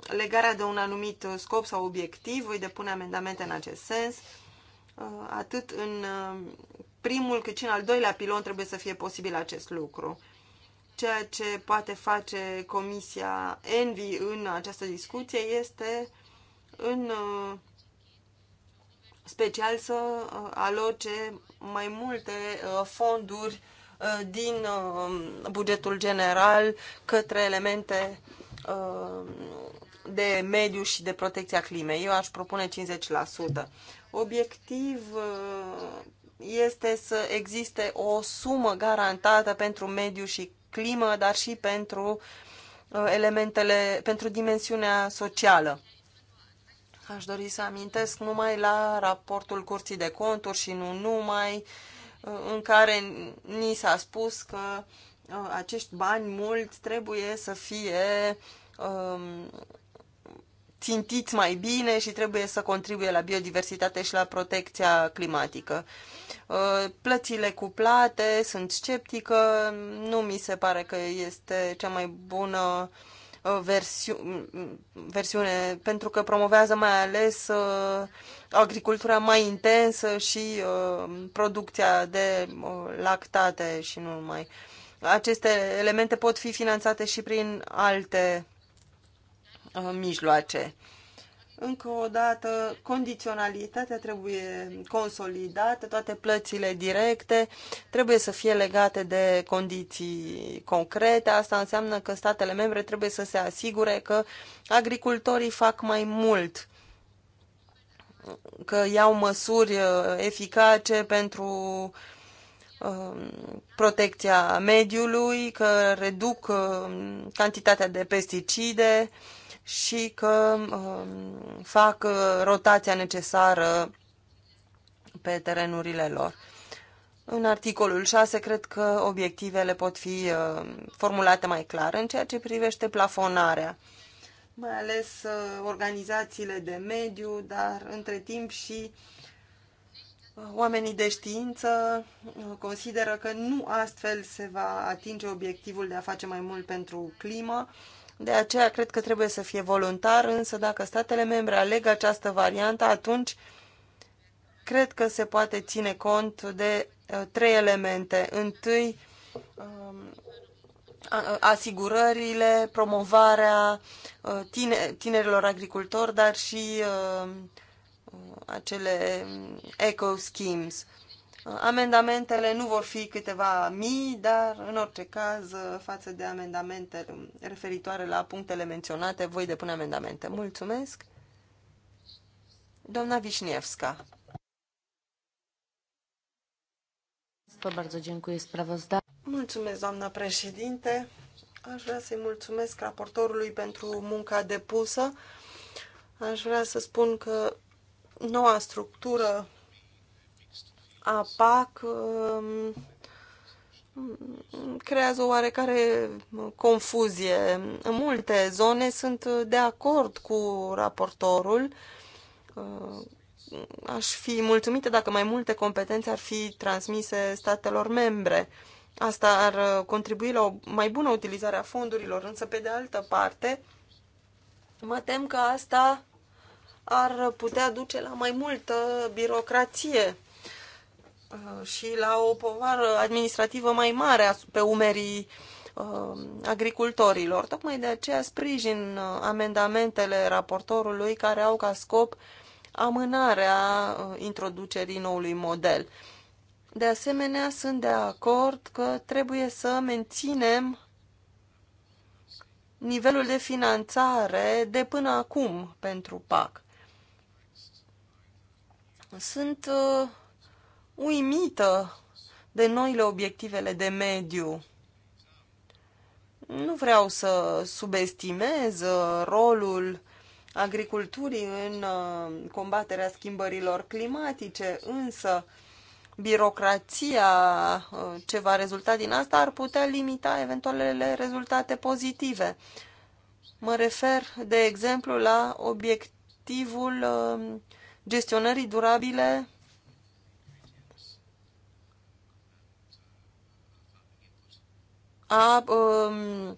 legarea de un anumit scop sau obiectiv, voi depune amendamente în acest sens. Atât în primul cât și în al doilea pilon trebuie să fie posibil acest lucru. Ceea ce poate face Comisia Envi în această discuție este uh, în uh, special să uh, aloce mai multe uh, fonduri din bugetul general către elemente de mediu și de protecția climei. Eu aș propune 50%. Obiectiv este să existe o sumă garantată pentru mediu și climă, dar și pentru elementele, pentru dimensiunea socială. Aș dori să amintesc numai la raportul Curții de Conturi și nu numai, uh, în care ni s-a spus că uh, acești bani mulți trebuie să fie um, țintiți mai bine și trebuie să contribuie la biodiversitate și la protecția climatică. Uh, plățile cuplate, sunt sceptică, nu mi se pare că este cea mai bună uh, Uh, versiu- versiune, pentru că promovează mai ales uh, agricultura mai intensă și uh, producția de lactate și nu numai. Aceste elemente pot fi finanțate și prin alte mijloace. Încă o dată, condiționalitatea trebuie consolidată, toate plățile directe trebuie să fie legate de condiții concrete. Asta înseamnă că statele membre trebuie să se asigure că agricultorii fac mai mult, că iau măsuri uh, eficace pentru um, protecția mediului, că reduc um, cantitatea de pesticide, și că um, fac uh, rotația necesară pe terenurile lor. În articolul 6, cred că obiectivele pot fi uh, formulate mai clar în ceea ce privește plafonarea, mai ales uh, organizațiile de mediu, dar între timp și uh, oamenii de știință uh, consideră că nu astfel se va atinge obiectivul de a face mai mult pentru climă, de aceea cred că trebuie să fie voluntar, însă dacă statele membre aleg această variantă, atunci cred că se poate ține cont de uh, trei elemente. Întâi, um, uh, asigurările, promovarea uh, tine, tinerilor agricultori, dar și uh, acele um, eco schemes. Amendamentele nu vor fi câteva mii, dar în orice caz, față de amendamente referitoare la punctele menționate, voi depune amendamente. Mulțumesc! Doamna Wiśniewska. Mulțumesc, doamna președinte. Aș vrea să-i mulțumesc raportorului pentru munca depusă. Aș vrea să spun că noua structură APAC um, creează o oarecare um, confuzie. În multe zone sunt de acord cu raportorul. Uh, aș fi mulțumită dacă mai multe competențe ar fi transmise statelor membre. Asta ar uh, contribui la o mai bună utilizare a fondurilor, însă pe de altă parte mă tem că asta ar putea duce la mai multă birocrație Uh, și la o povară administrativă mai mare pe umerii uh, agricultorilor. Tocmai de aceea sprijin uh, amendamentele raportorului care au ca scop amânarea introducerii noului model. De asemenea, sunt de acord că trebuie să menținem nivelul de finanțare de până acum pentru PAC. Sunt uh, uimită de noile obiectivele de mediu. Nu vreau să subestimez uh, rolul agriculturii în uh, combaterea schimbărilor climatice, însă birocrația uh, ce va rezulta din asta ar putea limita eventualele rezultate pozitive. Mă refer, de exemplu, la obiectivul gestionării durabile a um,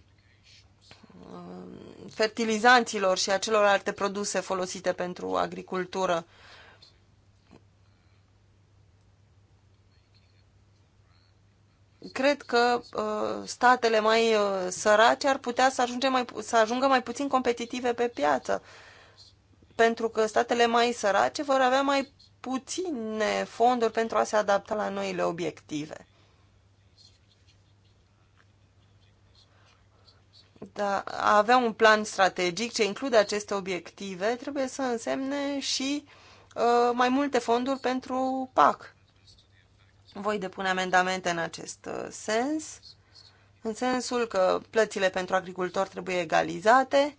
um, fertilizanților și a celorlalte produse folosite pentru agricultură. Cred că uh, statele mai uh, sărace ar putea să, ajunge mai, să ajungă mai puțin competitive pe piață, pentru că statele mai sărace vor avea mai puține fonduri pentru a se adapta la noile obiective. da, a avea un plan strategic ce include aceste obiective trebuie să însemne și uh, mai multe fonduri pentru PAC. Voi depune amendamente în acest uh, sens, în sensul că plățile pentru agricultori trebuie egalizate,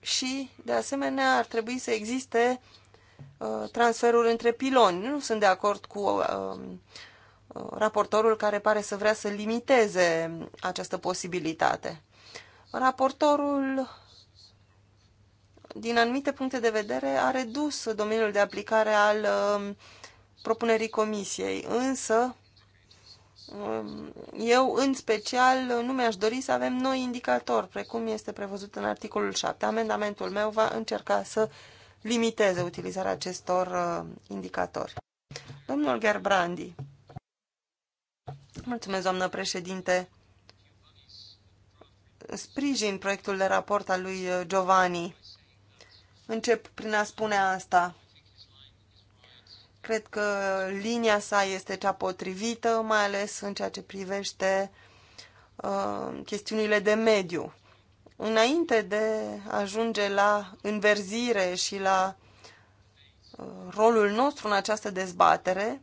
și, de asemenea, ar trebui să existe uh, transferuri între piloni. Nu sunt de acord cu uh, raportorul care pare să vrea să limiteze această posibilitate. Raportorul, din anumite puncte de vedere, a redus domeniul de aplicare al um, propunerii comisiei, însă um, eu, în special, nu mi-aș dori să avem noi indicatori, precum este prevăzut în articolul 7. Amendamentul meu va încerca să limiteze utilizarea acestor uh, indicatori. Domnul Gerbrandi. Mulțumesc, doamnă președinte. Sprijin proiectul de raport al lui uh, Giovanni. Încep prin a spune asta. Cred că linia sa este cea potrivită, mai ales în ceea ce privește uh, chestiunile de mediu. Înainte de a ajunge la înverzire și la uh, rolul nostru în această dezbatere,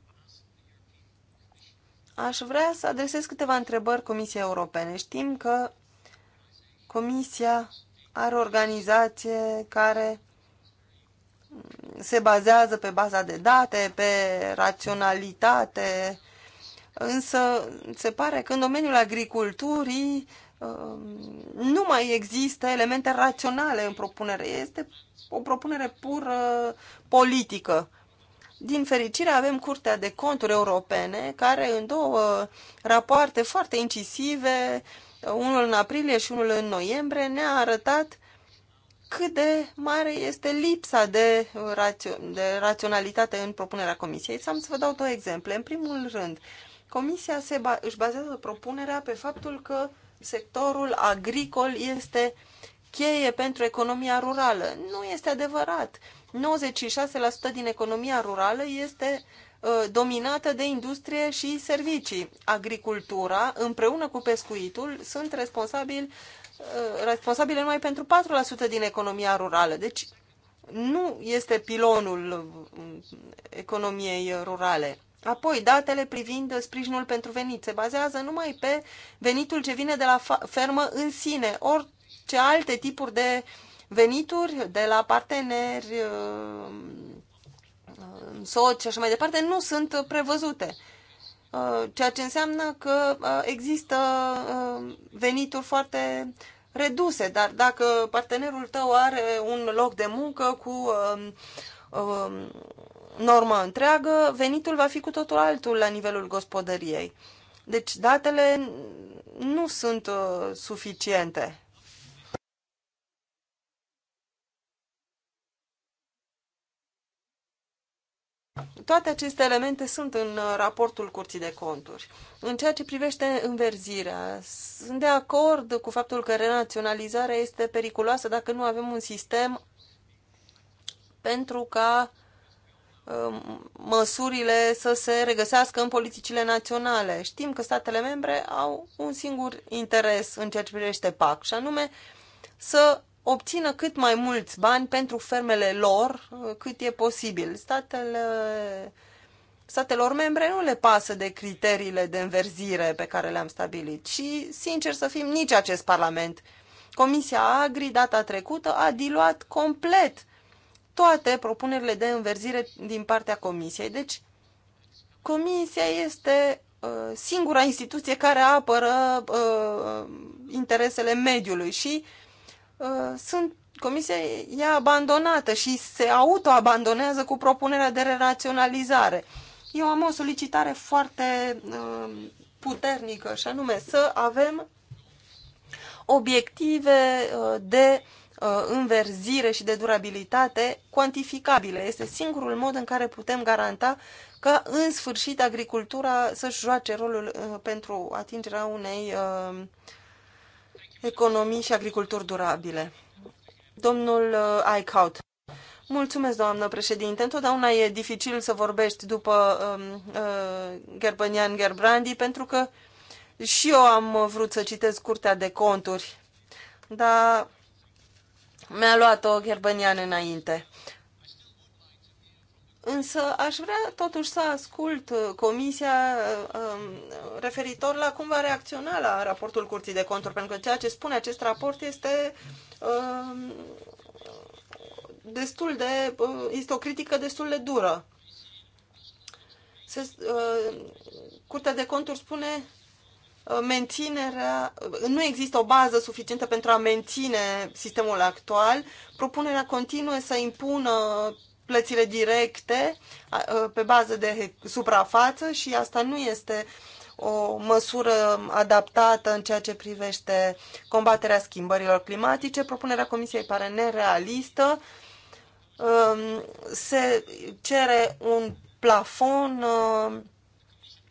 Aș vrea să adresez câteva întrebări Comisiei Europene. Știm că Comisia are o organizație care se bazează pe baza de date, pe raționalitate, însă se pare că în domeniul agriculturii um, nu mai există elemente raționale în propunere. Este o propunere pur politică. Din fericire avem Curtea de Conturi Europene, care în două rapoarte foarte incisive, unul în aprilie și unul în noiembrie, ne-a arătat cât de mare este lipsa de, rațio- de raționalitate în propunerea Comisiei. Să am să vă dau două exemple. În primul rând, Comisia se ba- își bazează propunerea pe faptul că sectorul agricol este cheie pentru economia rurală. Nu este adevărat. Uh, 96% din economia rurală este ă, dominată de industrie și servicii. Agricultura, împreună cu pescuitul, sunt responsabili, ă, responsabile numai pentru 4% din economia rurală. Deci nu este pilonul ă, economiei rurale. Apoi, datele privind sprijinul pentru venit se bazează numai pe venitul ce vine de la fermă în sine. Orice alte tipuri de uh, venituri de la parteneri, uh, um, soci și așa mai departe, nu sunt prevăzute. Uh, ceea ce înseamnă că uh, există venituri foarte reduse, dar dacă partenerul tău are un loc de muncă cu um, um, normă întreagă, venitul va fi cu totul altul la nivelul gospodăriei. Deci datele nu sunt uh, suficiente. Toate aceste elemente sunt în uh, raportul Curții de Conturi. În ceea ce privește înverzirea, sunt de acord cu faptul că renaționalizarea este periculoasă dacă nu avem un sistem pentru ca um, măsurile să se regăsească în politicile naționale. Știm că statele membre au un singur interes în ceea ce privește PAC, și anume să obțină cât mai mulți bani pentru fermele lor uh, cât e posibil. Statele, statelor membre nu le pasă de criteriile de înverzire pe care le-am stabilit și, sincer să fim, nici acest Parlament. Comisia Agri, data trecută, a diluat complet toate propunerile de înverzire din partea Comisiei. Deci, Comisia este uh, singura instituție care apără uh, interesele mediului și uh, Uh, sunt, comisia e abandonată și se autoabandonează cu propunerea de raționalizare. Eu am o solicitare foarte uh, puternică și anume să avem obiective uh, de uh, înverzire și de durabilitate cuantificabile. Este singurul mod în care putem garanta că în sfârșit agricultura să-și joace rolul pentru atingerea unei economii și agriculturi durabile. Domnul uh, Eichhout. Mulțumesc, doamnă președinte. Întotdeauna e dificil să vorbești după um, uh, Gerbănian Gerbrandi, pentru că și eu am vrut să citesc Curtea de Conturi, dar mi-a luat-o Gerbănian înainte. Însă aș vrea totuși să ascult uh, comisia uh, um, referitor la cum va reacționa la raportul Curții de Conturi, pentru că ceea ce spune acest raport este um, destul de, uh, este o critică destul de dură. Se, Curtea de Conturi spune menținerea, nu există o bază suficientă pentru a menține sistemul actual, propunerea continuă să impună plățile directe pe bază de suprafață și asta nu este o măsură adaptată în ceea ce privește combaterea schimbărilor climatice. Propunerea Comisiei pare nerealistă. Um, se cere un plafon, um,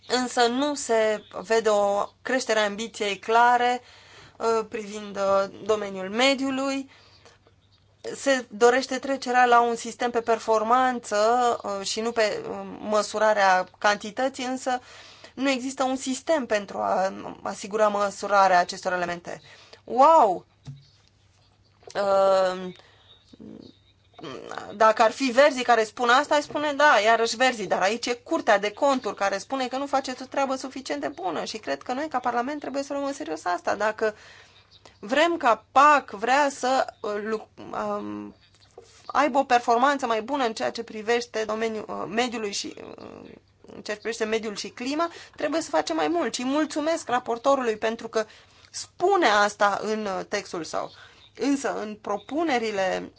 însă nu se vede o creștere a ambiției clare uh, privind uh, domeniul mediului se dorește trecerea la un sistem pe performanță uh, și nu pe uh, măsurarea cantității, însă nu există un sistem pentru a asigura măsurarea acestor elemente. Wow! Uh, dacă ar fi verzii care spun asta, ai spune da, iarăși verzii, dar aici e curtea de conturi care spune că nu faceți o treabă suficient de bună și cred că noi ca Parlament trebuie să luăm în serios asta. Dacă uh, Vrem ca PAC vrea să uh, um, aibă o performanță mai bună în ceea ce privește domeniul uh, mediului și uh, în ceea ce privește mediul și clima, trebuie să facem mai mult. Și mulțumesc raportorului pentru că spune asta în textul său. Însă, în propunerile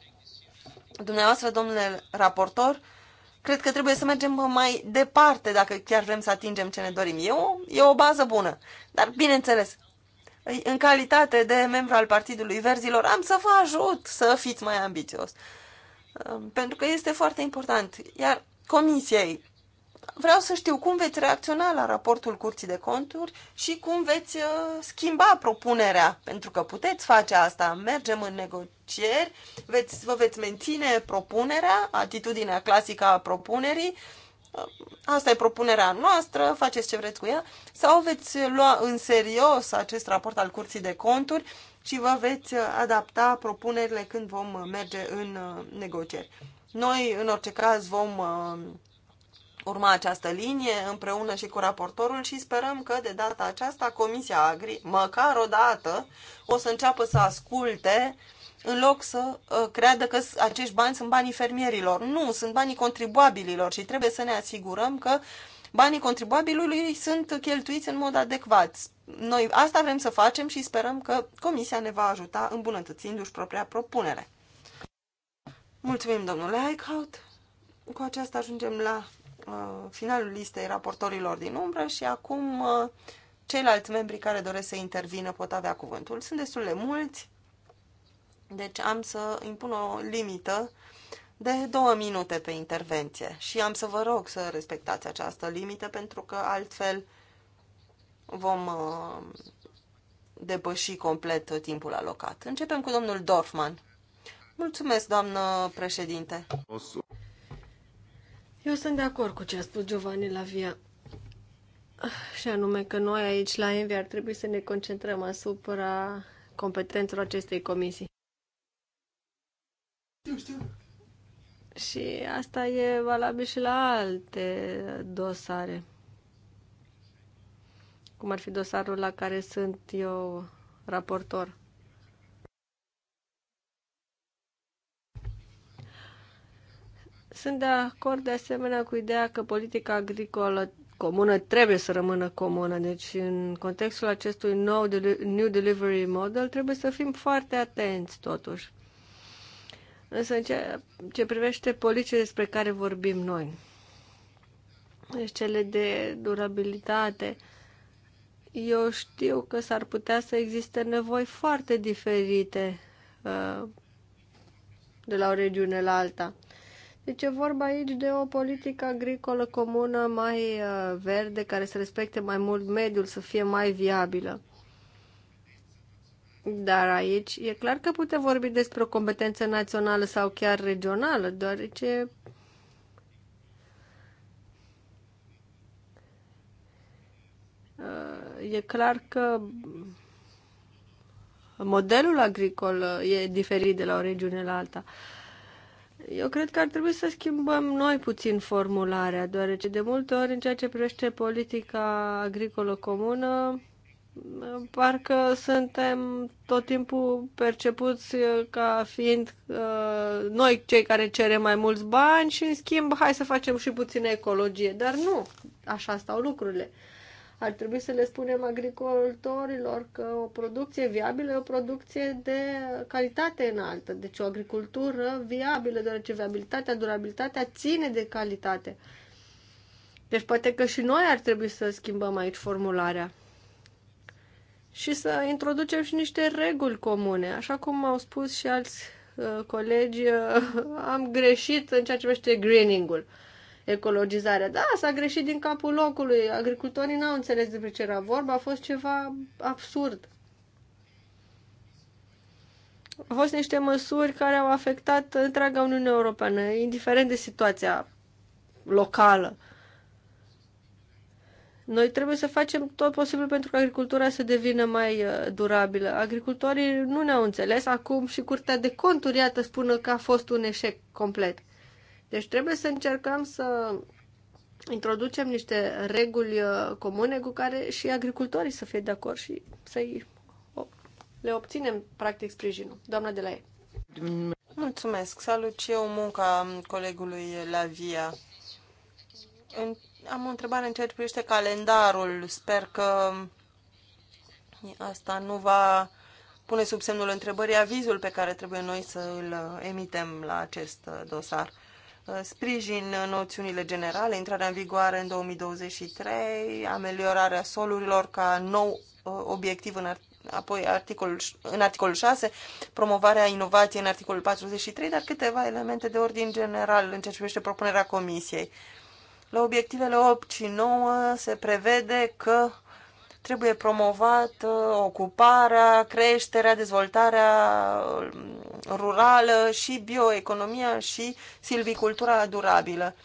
dumneavoastră, domnule raportor, cred că trebuie să mergem mai departe dacă chiar vrem să atingem ce ne dorim. E o, e o bază bună. Dar, bineînțeles, în calitate de membru al Partidului Verzilor, am să vă ajut să fiți mai ambițios. Ehm, pentru că este foarte important. Iar comisiei, vreau să știu cum veți reacționa la raportul Curții de Conturi și cum veți uh, schimba propunerea, pentru că puteți face asta. Mergem în negocieri, veți, vă veți menține propunerea, atitudinea clasică a propunerii, asta e propunerea noastră, faceți ce vreți cu ea, sau veți lua în serios acest raport al Curții de Conturi și vă veți adapta propunerile când vom merge în uh, negocieri. Noi, în orice caz, vom uh, urma această linie împreună și cu raportorul și sperăm că de data aceasta Comisia Agri, măcar o dată, o să înceapă să asculte uh, în loc să uh, creadă că acești bani sunt banii fermierilor. Nu, sunt banii contribuabililor și trebuie să ne asigurăm că banii contribuabilului sunt cheltuiți în mod adecvat. Noi asta vrem să facem și sperăm că Comisia ne va ajuta îmbunătățindu-și propria propunere. Mulțumim, domnule Eichhout. Cu aceasta ajungem la uh, finalul listei raportorilor din umbră și acum uh, ceilalți membri care doresc să intervină pot avea cuvântul. Sunt destul de mulți. Deci am să impun o limită de două minute pe intervenție și am să vă rog să respectați această limită pentru că altfel vom uh, depăși complet timpul alocat. Începem cu domnul Dorfman. Mulțumesc, doamnă președinte. Eu sunt de acord cu ce a spus Giovanni via. Și anume că noi aici la Envi ar trebui să ne concentrăm asupra competențelor acestei comisii. Și asta e valabil și la alte dosare. Cum ar fi dosarul la care sunt eu raportor. Sunt de acord de asemenea cu ideea că politica agricolă comună trebuie să rămână comună. Deci, în contextul acestui nou New Delivery Model, trebuie să fim foarte atenți, totuși. Însă în ceea ce privește politicile despre care vorbim noi, deci cele de durabilitate, eu știu că s-ar putea să existe nevoi foarte diferite uh, de la o regiune la alta. Deci e vorba aici de o politică agricolă comună mai uh, verde, care să respecte mai mult mediul, să fie mai viabilă. Dar aici e clar că putem vorbi despre o competență națională sau chiar regională, deoarece e clar că modelul agricol e diferit de la o regiune la alta. Eu cred că ar trebui să schimbăm noi puțin formularea, deoarece de multe ori în ceea ce privește politica agricolă comună parcă suntem tot timpul percepuți uh, ca fiind uh, noi cei care cerem mai mulți bani și, în schimb, hai să facem și puțină ecologie. Dar nu, așa stau lucrurile. Ar trebui să le spunem agricultorilor că o producție viabilă e o producție de calitate înaltă. Deci o agricultură viabilă, deoarece viabilitatea, durabilitatea ține de calitate. Deci poate că și noi ar trebui să schimbăm aici formularea și să introducem și niște reguli comune. Așa cum au spus și alți uh, colegi, uh, am greșit în ceea ce privește greening-ul, ecologizarea. Da, s-a greșit din capul locului. Agricultorii n-au înțeles despre ce era vorba, a fost ceva absurd. Au fost niște măsuri care au afectat întreaga Uniune Europeană, indiferent de situația locală. Noi trebuie să facem tot posibil pentru ca agricultura să devină mai uh, durabilă. Agricultorii nu ne-au înțeles acum și Curtea de Conturi, iată, spună că a fost un eșec complet. Deci trebuie să încercăm să introducem niște reguli uh, comune cu care și agricultorii să fie de acord și să le obținem, practic, sprijinul. Doamna de la ei. Mulțumesc. Salut și eu munca colegului Lavia. În am o întrebare în ceea ce privește calendarul. Sper că asta nu va pune sub semnul întrebării avizul pe care trebuie noi să îl emitem la acest dosar. Sprijin noțiunile generale, intrarea în vigoare în 2023, ameliorarea solurilor ca nou uh, obiectiv în art apoi articol, în articolul 6, promovarea inovației în articolul 43, dar câteva elemente de ordin general în ceea ce privește propunerea comisiei. Uh, la obiectivele 8 și 9 se prevede că trebuie promovată ocuparea, creșterea, dezvoltarea um, rurală și bioeconomia și silvicultura durabilă.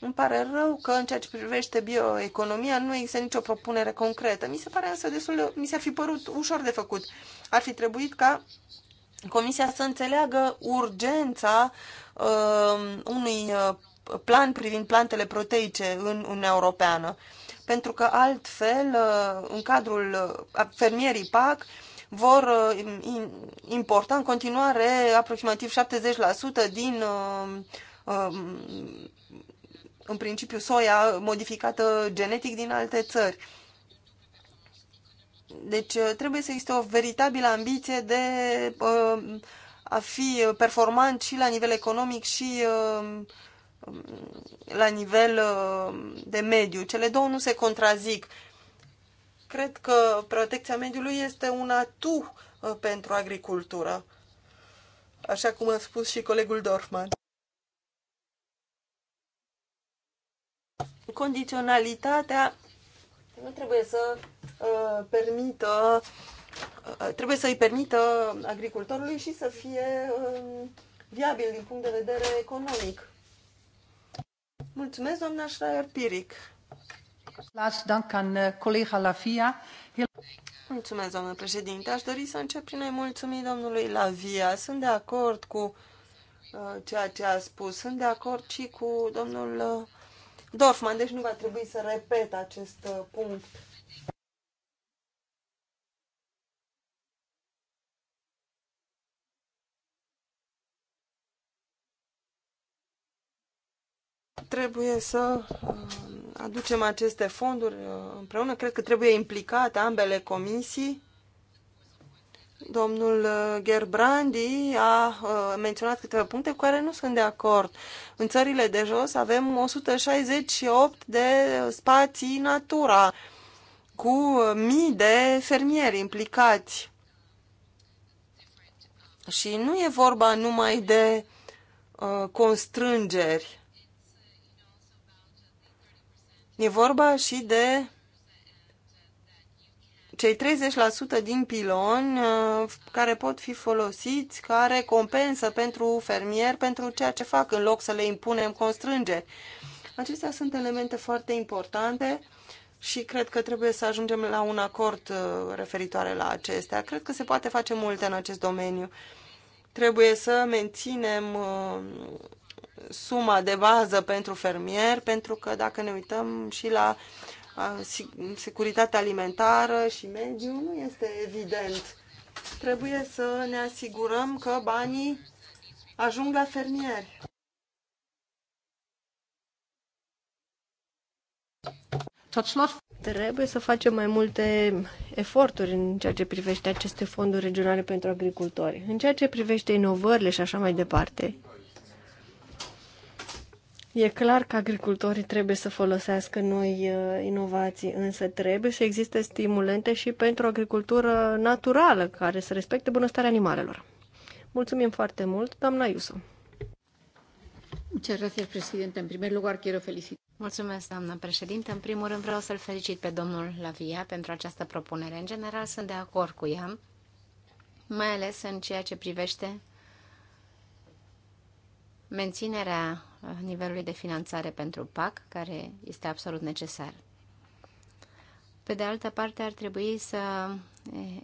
Îmi pare rău că în ceea ce privește bioeconomia nu există nicio propunere concretă. Mi se pare însă destul de, mi s-ar fi părut ușor de făcut. Ar fi trebuit ca Comisia să înțeleagă urgența um, uh, unui plan privind plantele proteice în Uniunea Europeană. Pentru că altfel, uh, în cadrul uh, fermierii PAC, vor uh, importa în continuare aproximativ 70% din, în principiu, soia modificată genetic din alte țări. Deci trebuie să existe o veritabilă ambiție de a fi performant și la nivel economic și la nivel uh, de mediu. Cele două nu se contrazic. Cred că protecția mediului este un atu uh, pentru agricultură, așa cum a spus și colegul Dorfman. Condiționalitatea nu trebuie să uh, permită uh, trebuie să îi permită agricultorului și să fie uh, viabil din punct de vedere economic. Mulțumesc, doamna Schreier-Piric. Las dank aan eh, colega Lavia. Mulțumesc, doamnă președinte. Aș dori să încep prin a-i mulțumi domnului Lavia. Sunt de acord cu uh, ceea ce a spus. Sunt de acord și cu domnul uh, Dorfman, deci nu va trebui să repet acest uh, punct. trebuie să uh, aducem aceste fonduri uh, împreună. Cred că trebuie implicate ambele comisii. Domnul uh, Gerbrandi a menționat câteva puncte cu care nu sunt de acord. În țările de jos avem 168 de spații natura cu mii de fermieri implicați. Și nu e vorba numai de uh, constrângeri E vorba și de cei 30% din piloni uh, care pot fi folosiți, care compensă pentru fermier pentru ceea ce fac, în loc să le impunem constrângeri. Acestea sunt elemente foarte importante și cred că trebuie să ajungem la un acord uh, referitoare la acestea. Cred că se poate face multe în acest domeniu. Trebuie să menținem uh, suma de bază pentru fermier, pentru că dacă ne uităm și la securitatea alimentară și mediu, nu este evident. Trebuie să ne asigurăm că banii ajung la fermieri. Trebuie să facem mai multe eforturi în ceea ce privește aceste fonduri regionale pentru agricultori. În ceea ce privește inovările și așa mai departe, E clar că agricultorii trebuie să folosească noi uh, inovații, însă trebuie să existe stimulente și pentru agricultură naturală, care să respecte bunăstarea animalelor. Mulțumim foarte mult, doamna Iuso. Mulțumesc, doamnă președinte. În primul rând vreau să-l felicit pe domnul Lavia pentru această propunere. În general sunt de acord cu ea, mai ales în ceea ce privește menținerea nivelului de finanțare pentru PAC, care este absolut necesar. Pe de altă parte, ar trebui să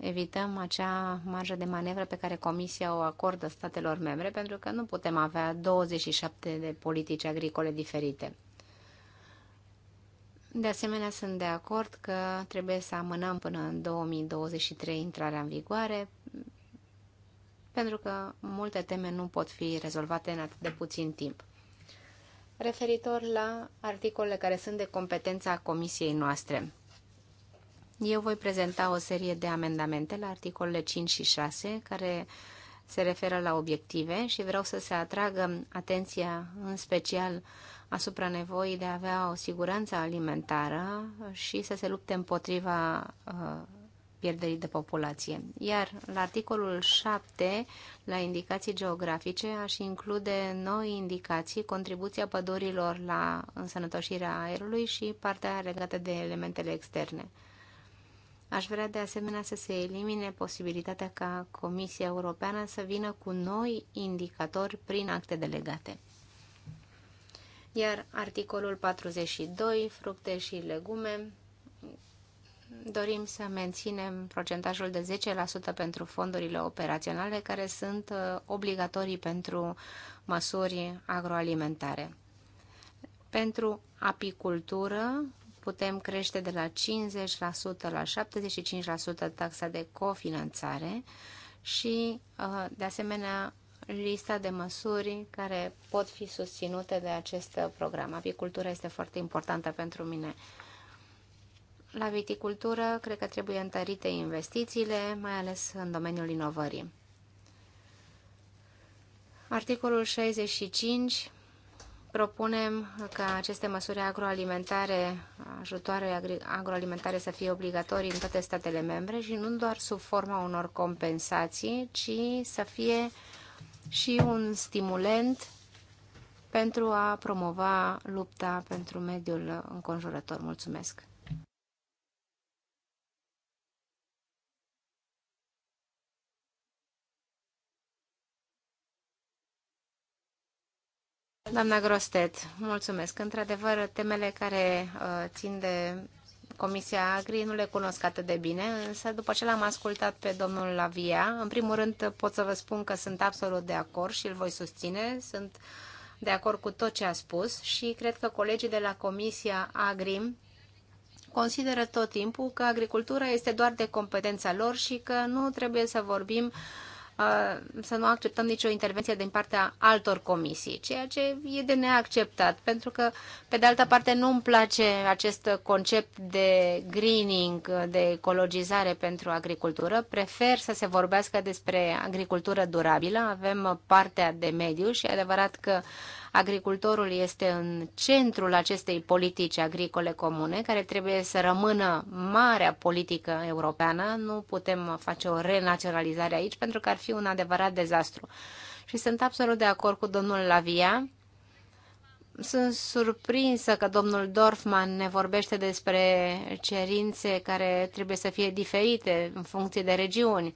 evităm acea marjă de manevră pe care Comisia o acordă statelor membre, pentru că nu putem avea 27 de politici agricole diferite. De asemenea, sunt de acord că trebuie să amânăm până în 2023 intrarea în vigoare, pentru că multe teme nu pot fi rezolvate în atât de puțin timp referitor la articolele care sunt de competența comisiei noastre. Eu voi prezenta o serie de amendamente la articolele 5 și 6, care se referă la obiective și vreau să se atragă atenția în special asupra nevoii de a avea o siguranță alimentară și să se lupte împotriva uh, pierderii de populație. Iar la articolul 7, la indicații geografice, aș include noi indicații, contribuția pădurilor la însănătoșirea aerului și partea legată de elementele externe. Aș vrea de asemenea să se elimine posibilitatea ca Comisia Europeană să vină cu noi indicatori prin acte delegate. Iar articolul 42, fructe și legume, dorim să menținem procentajul de 10% pentru fondurile operaționale care sunt uh, obligatorii pentru măsuri agroalimentare. Pentru apicultură putem crește de la 50% la 75% taxa de cofinanțare și, uh, de asemenea, lista de măsuri care pot fi susținute de acest program. Apicultura este foarte importantă pentru mine. La viticultură, cred că trebuie întărite investițiile, mai ales în domeniul inovării. Articolul 65 propunem ca aceste măsuri agroalimentare, ajutoare agroalimentare să fie obligatorii în toate statele membre și nu doar sub forma unor compensații, ci să fie și un stimulent pentru a promova lupta pentru mediul înconjurător. Mulțumesc! Doamna Grostet, mulțumesc. Într-adevăr, temele care uh, țin de Comisia Agri nu le cunosc atât de bine, însă după ce l-am ascultat pe domnul Lavia, în primul rând pot să vă spun că sunt absolut de acord și îl voi susține. Sunt de acord cu tot ce a spus și cred că colegii de la Comisia Agri consideră tot timpul că agricultura este doar de competența lor și că nu trebuie să vorbim uh, Uh, să nu acceptăm nicio intervenție din partea altor comisii, ceea ce e de neacceptat, pentru că, pe de altă parte, nu îmi place acest concept de greening, de ecologizare pentru agricultură. Prefer să se vorbească despre agricultură durabilă. Avem partea de mediu și e adevărat că Agricultorul este în centrul acestei politici agricole comune, care trebuie să rămână marea politică europeană. Nu putem face o renaționalizare aici, pentru că ar fi un adevărat dezastru. Și sunt absolut de acord cu domnul Lavia, sunt surprinsă că domnul Dorfman ne vorbește despre cerințe care trebuie să fie diferite în funcție de regiuni.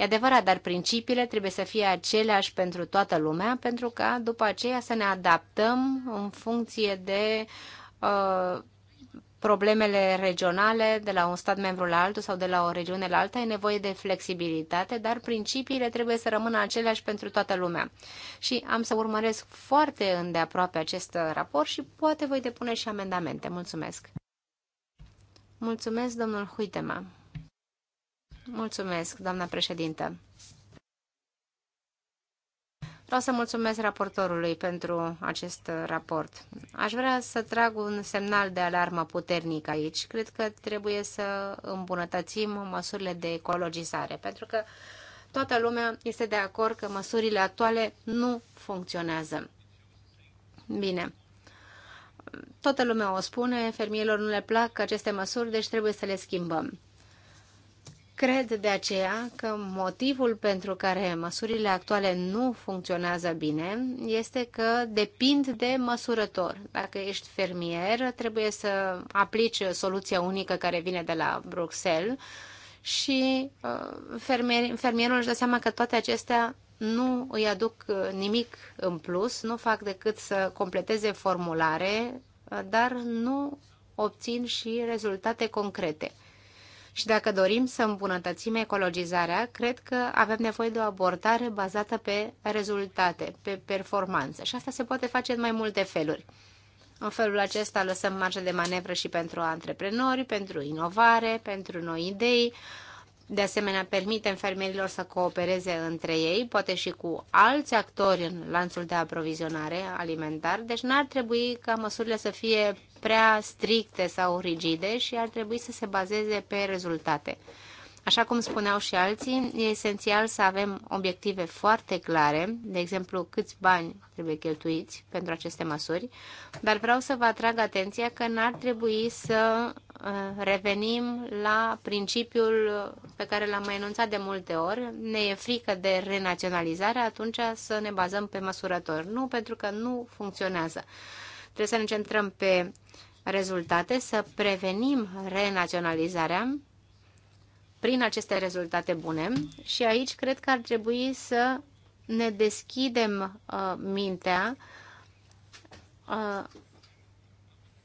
E adevărat, dar principiile trebuie să fie aceleași pentru toată lumea, pentru ca după aceea să ne adaptăm în funcție de uh, problemele regionale de la un stat membru la altul sau de la o regiune la alta, e nevoie de flexibilitate, dar principiile trebuie să rămână aceleași pentru toată lumea. Și am să urmăresc foarte îndeaproape acest raport și poate voi depune și amendamente. Mulțumesc! Mulțumesc, domnul Huitema! Mulțumesc, doamna președintă. Vreau să mulțumesc raportorului pentru acest raport. Aș vrea să trag un semnal de alarmă puternic aici. Cred că trebuie să îmbunătățim măsurile de ecologizare, pentru că toată lumea este de acord că măsurile actuale nu funcționează. Bine. Toată lumea o spune, fermierilor nu le plac aceste măsuri, deci trebuie să le schimbăm. Cred de aceea că motivul pentru care măsurile actuale nu funcționează bine este că depind de măsurător. Dacă ești fermier, trebuie să aplici soluția unică care vine de la Bruxelles și uh, fermier, fermierul își dă seama că toate acestea nu îi aduc nimic în plus, nu fac decât să completeze formulare, uh, dar nu obțin și rezultate concrete. Și dacă dorim să îmbunătățim ecologizarea, cred că avem nevoie de o abordare bazată pe rezultate, pe performanță. Și asta se poate face în mai multe feluri. În felul acesta lăsăm marge de manevră și pentru antreprenori, pentru inovare, pentru noi idei, de asemenea, permite fermierilor să coopereze între ei, poate și cu alți actori în lanțul de aprovizionare alimentar, deci n-ar trebui ca măsurile să fie prea stricte sau rigide și ar trebui să se bazeze pe rezultate. Așa cum spuneau și alții, e esențial să avem obiective foarte clare, de exemplu câți bani trebuie cheltuiți pentru aceste măsuri, dar vreau să vă atrag atenția că n-ar trebui să Eh, revenim la principiul pe care l-am mai enunțat de multe ori, ne e frică de renaționalizare, atunci să ne bazăm pe măsurători. Nu, pentru că nu funcționează. Trebuie să ne centrăm pe rezultate, să prevenim renaționalizarea prin aceste rezultate bune și aici cred că ar trebui să ne deschidem uh, mintea uh,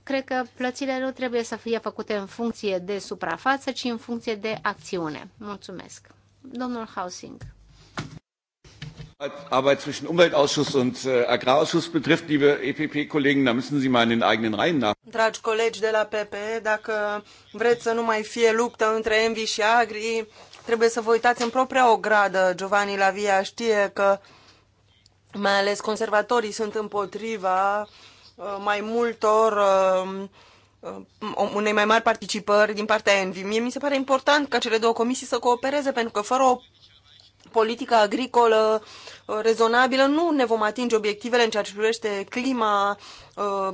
Cred că plățile nu trebuie să fie făcute în funcție de suprafață, ci în funcție de acțiune. Mulțumesc. Domnul Housing. Arbeit zwischen Umweltausschuss und äh, Agrarausschuss betrifft, liebe EPP-Kollegen, da müssen Sie mal in den eigenen Reihen nach. Dragi colegi de la PP, dacă vreți să nu mai fie luptă între Envi și Agri, trebuie să vă uitați în propria ogradă. Giovanni Lavia știe că mai ales conservatorii sunt împotriva uh, Uh, mai multor uh, um, unei mai mari participări din partea Envi. Mie mi se pare important ca cele două comisii să coopereze, pentru că fără o politică agricolă uh, rezonabilă nu ne vom atinge obiectivele în ceea ce privește clima,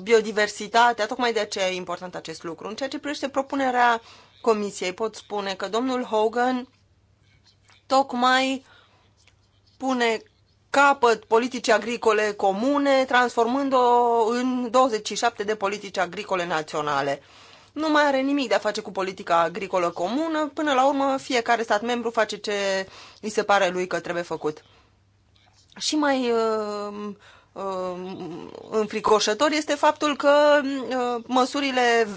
biodiversitatea, tocmai de aceea e important acest lucru. În ceea ce privește propunerea comisiei, pot spune că domnul Hogan tocmai pune capăt politici agricole comune, transformând-o în 27 de politici agricole naționale. Nu mai are nimic de a face cu politica agricolă comună, până la urmă fiecare stat membru face ce îi se pare lui că trebuie făcut. Și mai uh, uh, înfricoșător este faptul că uh, măsurile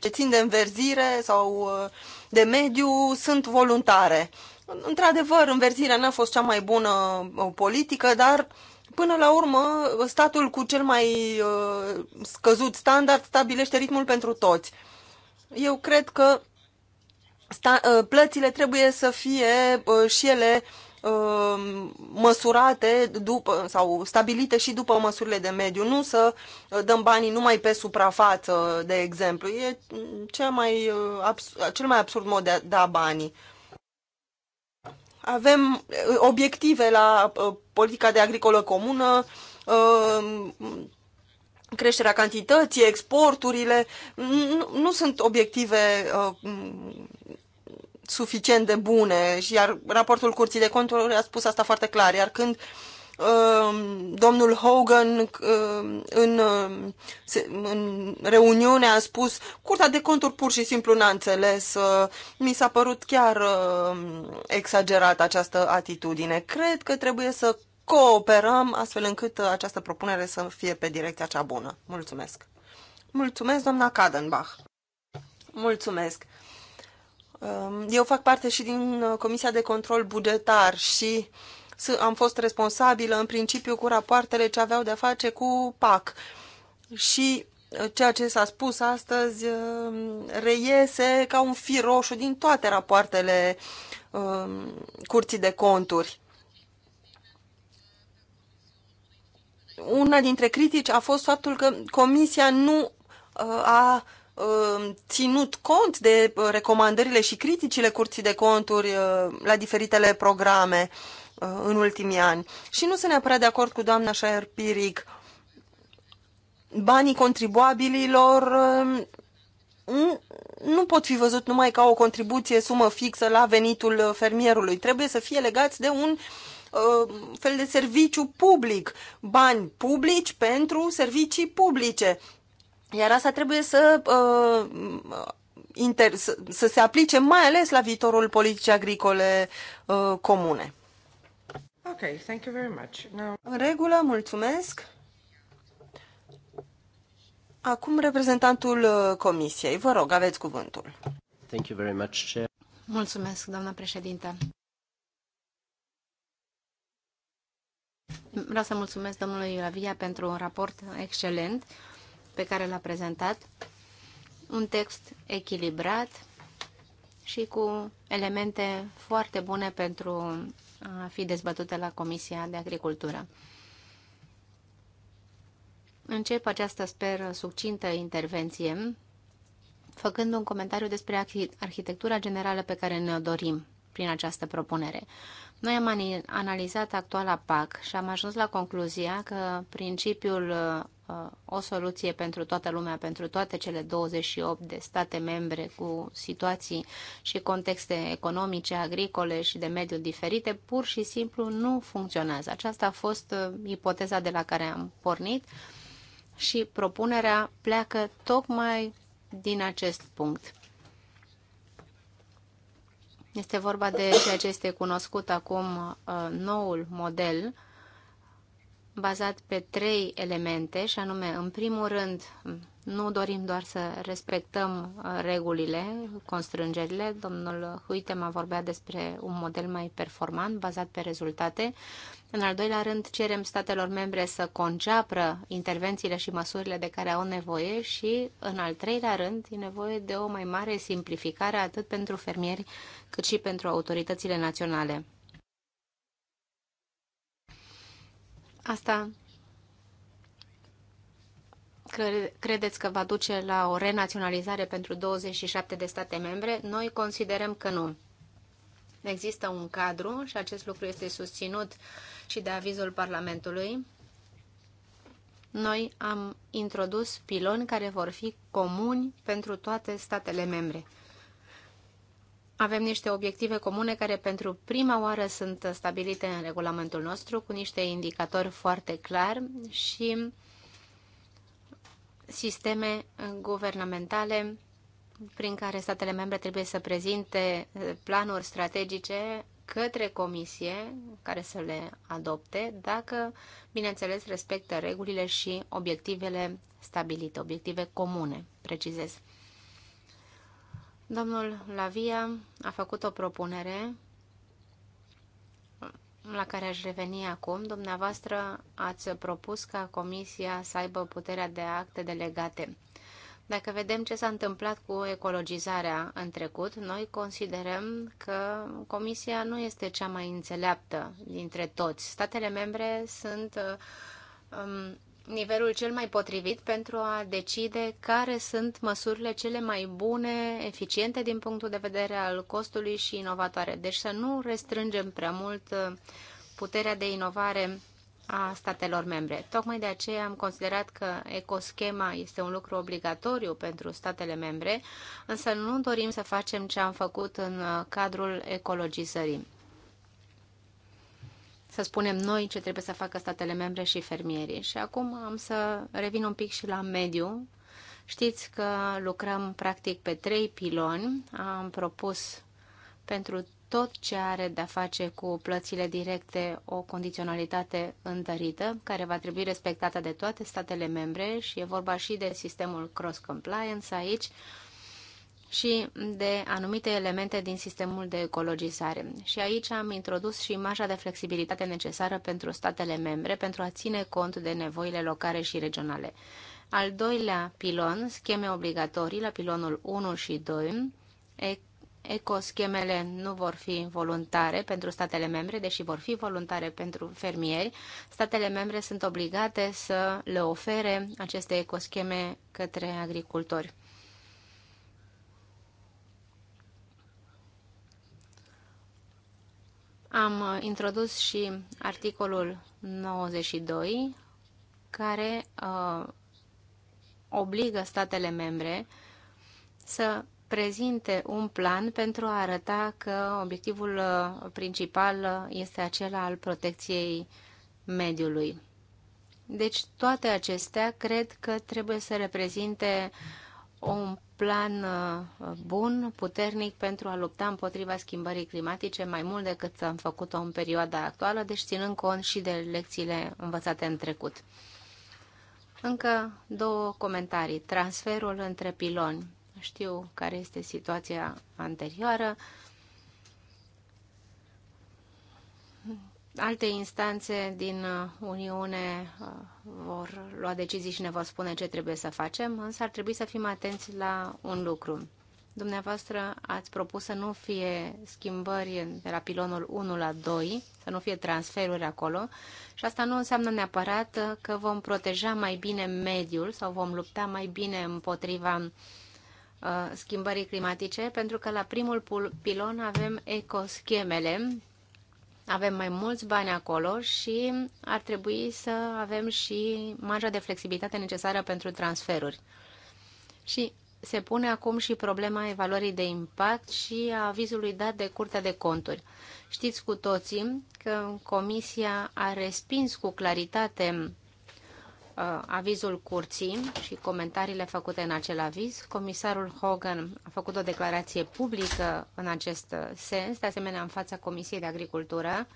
ce țin de înverzire sau uh, de mediu sunt voluntare. Uh, Într-adevăr, înverzirea n-a fost cea mai bună politică, dar până la urmă statul cu cel mai uh, scăzut standard stabilește ritmul pentru toți. Eu cred că sta, uh, plățile trebuie să fie uh, și ele măsurate după, sau stabilite și după măsurile de mediu, nu să dăm banii numai pe suprafață, de exemplu. E cea mai, cel mai absurd mod de a da banii. Avem uh, obiective la uh, politica de agricolă comună, uh, creșterea cantității, exporturile. Nu, nu sunt obiective suficient de bune și iar raportul Curții de Conturi a spus asta foarte clar, iar când uh, Um, domnul Hogan um, în, um, în reuniune a spus Curtea de conturi pur și simplu n-a înțeles. Uh, mi s-a părut chiar exagerată această atitudine. Cred că trebuie să cooperăm astfel încât uh, această propunere să fie pe direcția cea bună. Mulțumesc! Mulțumesc, doamna Kadenbach! Mulțumesc! Eu fac parte și din uh, Comisia de Control Bugetar și uh, am fost responsabilă în principiu cu rapoartele ce aveau de-a face cu PAC. Și uh, ceea ce s-a spus astăzi uh, reiese ca un fir roșu din toate rapoartele uh, curții de conturi. Una dintre critici a fost faptul că Comisia nu a ținut cont de recomandările și criticile curții de conturi la diferitele programe. Uh, în ultimii ani. Și nu sunt neapărat de acord cu doamna Shire Piric. Banii contribuabililor um, nu pot fi văzut numai ca o contribuție sumă fixă la venitul fermierului. Trebuie să fie legați de un uh, fel de serviciu public, bani publici pentru servicii publice. Iar asta trebuie să, uh, inter, să, să se aplice mai ales la viitorul politicii agricole uh, comune. Ok, thank you very much. Now... În regulă, mulțumesc. Acum reprezentantul uh, Comisiei. Vă rog, aveți cuvântul. Thank you very much, Chair. Mulțumesc, doamna președinte. Vreau să mulțumesc domnului Iuravia pentru un raport excelent pe care l-a prezentat. Un text echilibrat și cu elemente foarte bune pentru a fi dezbătută la Comisia de Agricultură. Încep această, sper, succintă intervenție făcând un comentariu despre arhitectura generală pe care ne-o dorim prin această propunere. Noi am analizat actuala PAC și am ajuns la concluzia că principiul uh, o soluție pentru toată lumea, pentru toate cele 28 de state membre cu situații și contexte economice, agricole și de mediu diferite, pur și simplu nu funcționează. Aceasta a fost uh, ipoteza de la care am pornit și propunerea pleacă tocmai din acest punct. Este vorba de ceea ce este cunoscut acum uh, noul model bazat pe trei elemente și anume, în primul rând, nu dorim doar să respectăm uh, regulile, constrângerile. Domnul Huitema vorbea despre un model mai performant, bazat pe rezultate. În al doilea rând, cerem statelor membre să conceapră intervențiile și măsurile de care au nevoie și, în al treilea rând, e nevoie de o mai mare simplificare atât pentru fermieri cât și pentru autoritățile naționale. Asta credeți că va duce la o renaționalizare pentru 27 de state membre? Noi considerăm că nu. Există un cadru și acest lucru este susținut și de avizul Parlamentului. Noi am introdus piloni care vor fi comuni pentru toate statele membre. Avem niște obiective comune care pentru prima oară sunt stabilite în regulamentul nostru cu niște indicatori foarte clar și sisteme guvernamentale prin care statele membre trebuie să prezinte eh, planuri strategice către comisie care să le adopte, dacă, bineînțeles, respectă regulile și obiectivele stabilite, obiective comune, precizez. Domnul Lavia a făcut o propunere la care aș reveni acum. Dumneavoastră ați propus ca Comisia să aibă puterea de acte delegate. Dacă vedem ce s-a întâmplat cu ecologizarea în trecut, noi considerăm că Comisia nu este cea mai înțeleaptă dintre toți. Statele membre sunt um, nivelul cel mai potrivit pentru a decide care sunt măsurile cele mai bune, eficiente din punctul de vedere al costului și inovatoare. Deci să nu restrângem prea mult uh, puterea de inovare a statelor membre. Tocmai de aceea am considerat că ecoschema este un lucru obligatoriu pentru statele membre, însă nu dorim să facem ce am făcut în uh, cadrul ecologizării. Să spunem noi ce trebuie să facă statele membre și fermierii. Și acum am să revin un pic și la mediu. Știți că lucrăm practic pe trei piloni. Am propus pentru tot ce are de-a face cu plățile directe o condiționalitate întărită, care va trebui respectată de toate statele membre și e vorba și de sistemul cross-compliance aici și de anumite elemente din sistemul de ecologizare. Și aici am introdus și marja de flexibilitate necesară pentru statele membre pentru a ține cont de nevoile locale și regionale. Al doilea pilon, scheme obligatorii la pilonul 1 și 2, ecoschemele nu vor fi voluntare pentru statele membre, deși vor fi voluntare pentru fermieri. Statele membre sunt obligate să le ofere aceste ecoscheme către agricultori. Am introdus și articolul 92 care uh, obligă statele membre să prezinte un plan pentru a arăta că obiectivul uh, principal uh, este acela al protecției mediului. Deci toate acestea cred că trebuie să reprezinte un plan uh, bun, puternic pentru a lupta împotriva schimbării climatice mai mult decât am făcut-o în perioada actuală, deci ținând cont și de lecțiile învățate în trecut. Încă două comentarii. Transferul între piloni știu care este situația anterioară. Alte instanțe din uh, Uniune uh, vor lua decizii și ne vor spune ce trebuie să facem, însă ar trebui să fim atenți la un lucru. Dumneavoastră ați propus să nu fie schimbări de la pilonul 1 la 2, să nu fie transferuri acolo și asta nu înseamnă neapărat uh, că vom proteja mai bine mediul sau vom lupta mai bine împotriva Uh, schimbării climatice, pentru că la primul pilon avem ecoschemele, avem mai mulți bani acolo și ar trebui să avem și marja de flexibilitate necesară pentru transferuri. Și se pune acum și problema evaluării de impact și a avizului dat de Curtea de Conturi. Știți cu toții că Comisia a respins cu claritate Uh, avizul curții și comentariile făcute în acel aviz. Comisarul Hogan a făcut o declarație publică în acest sens, de asemenea în fața Comisiei de Agricultură.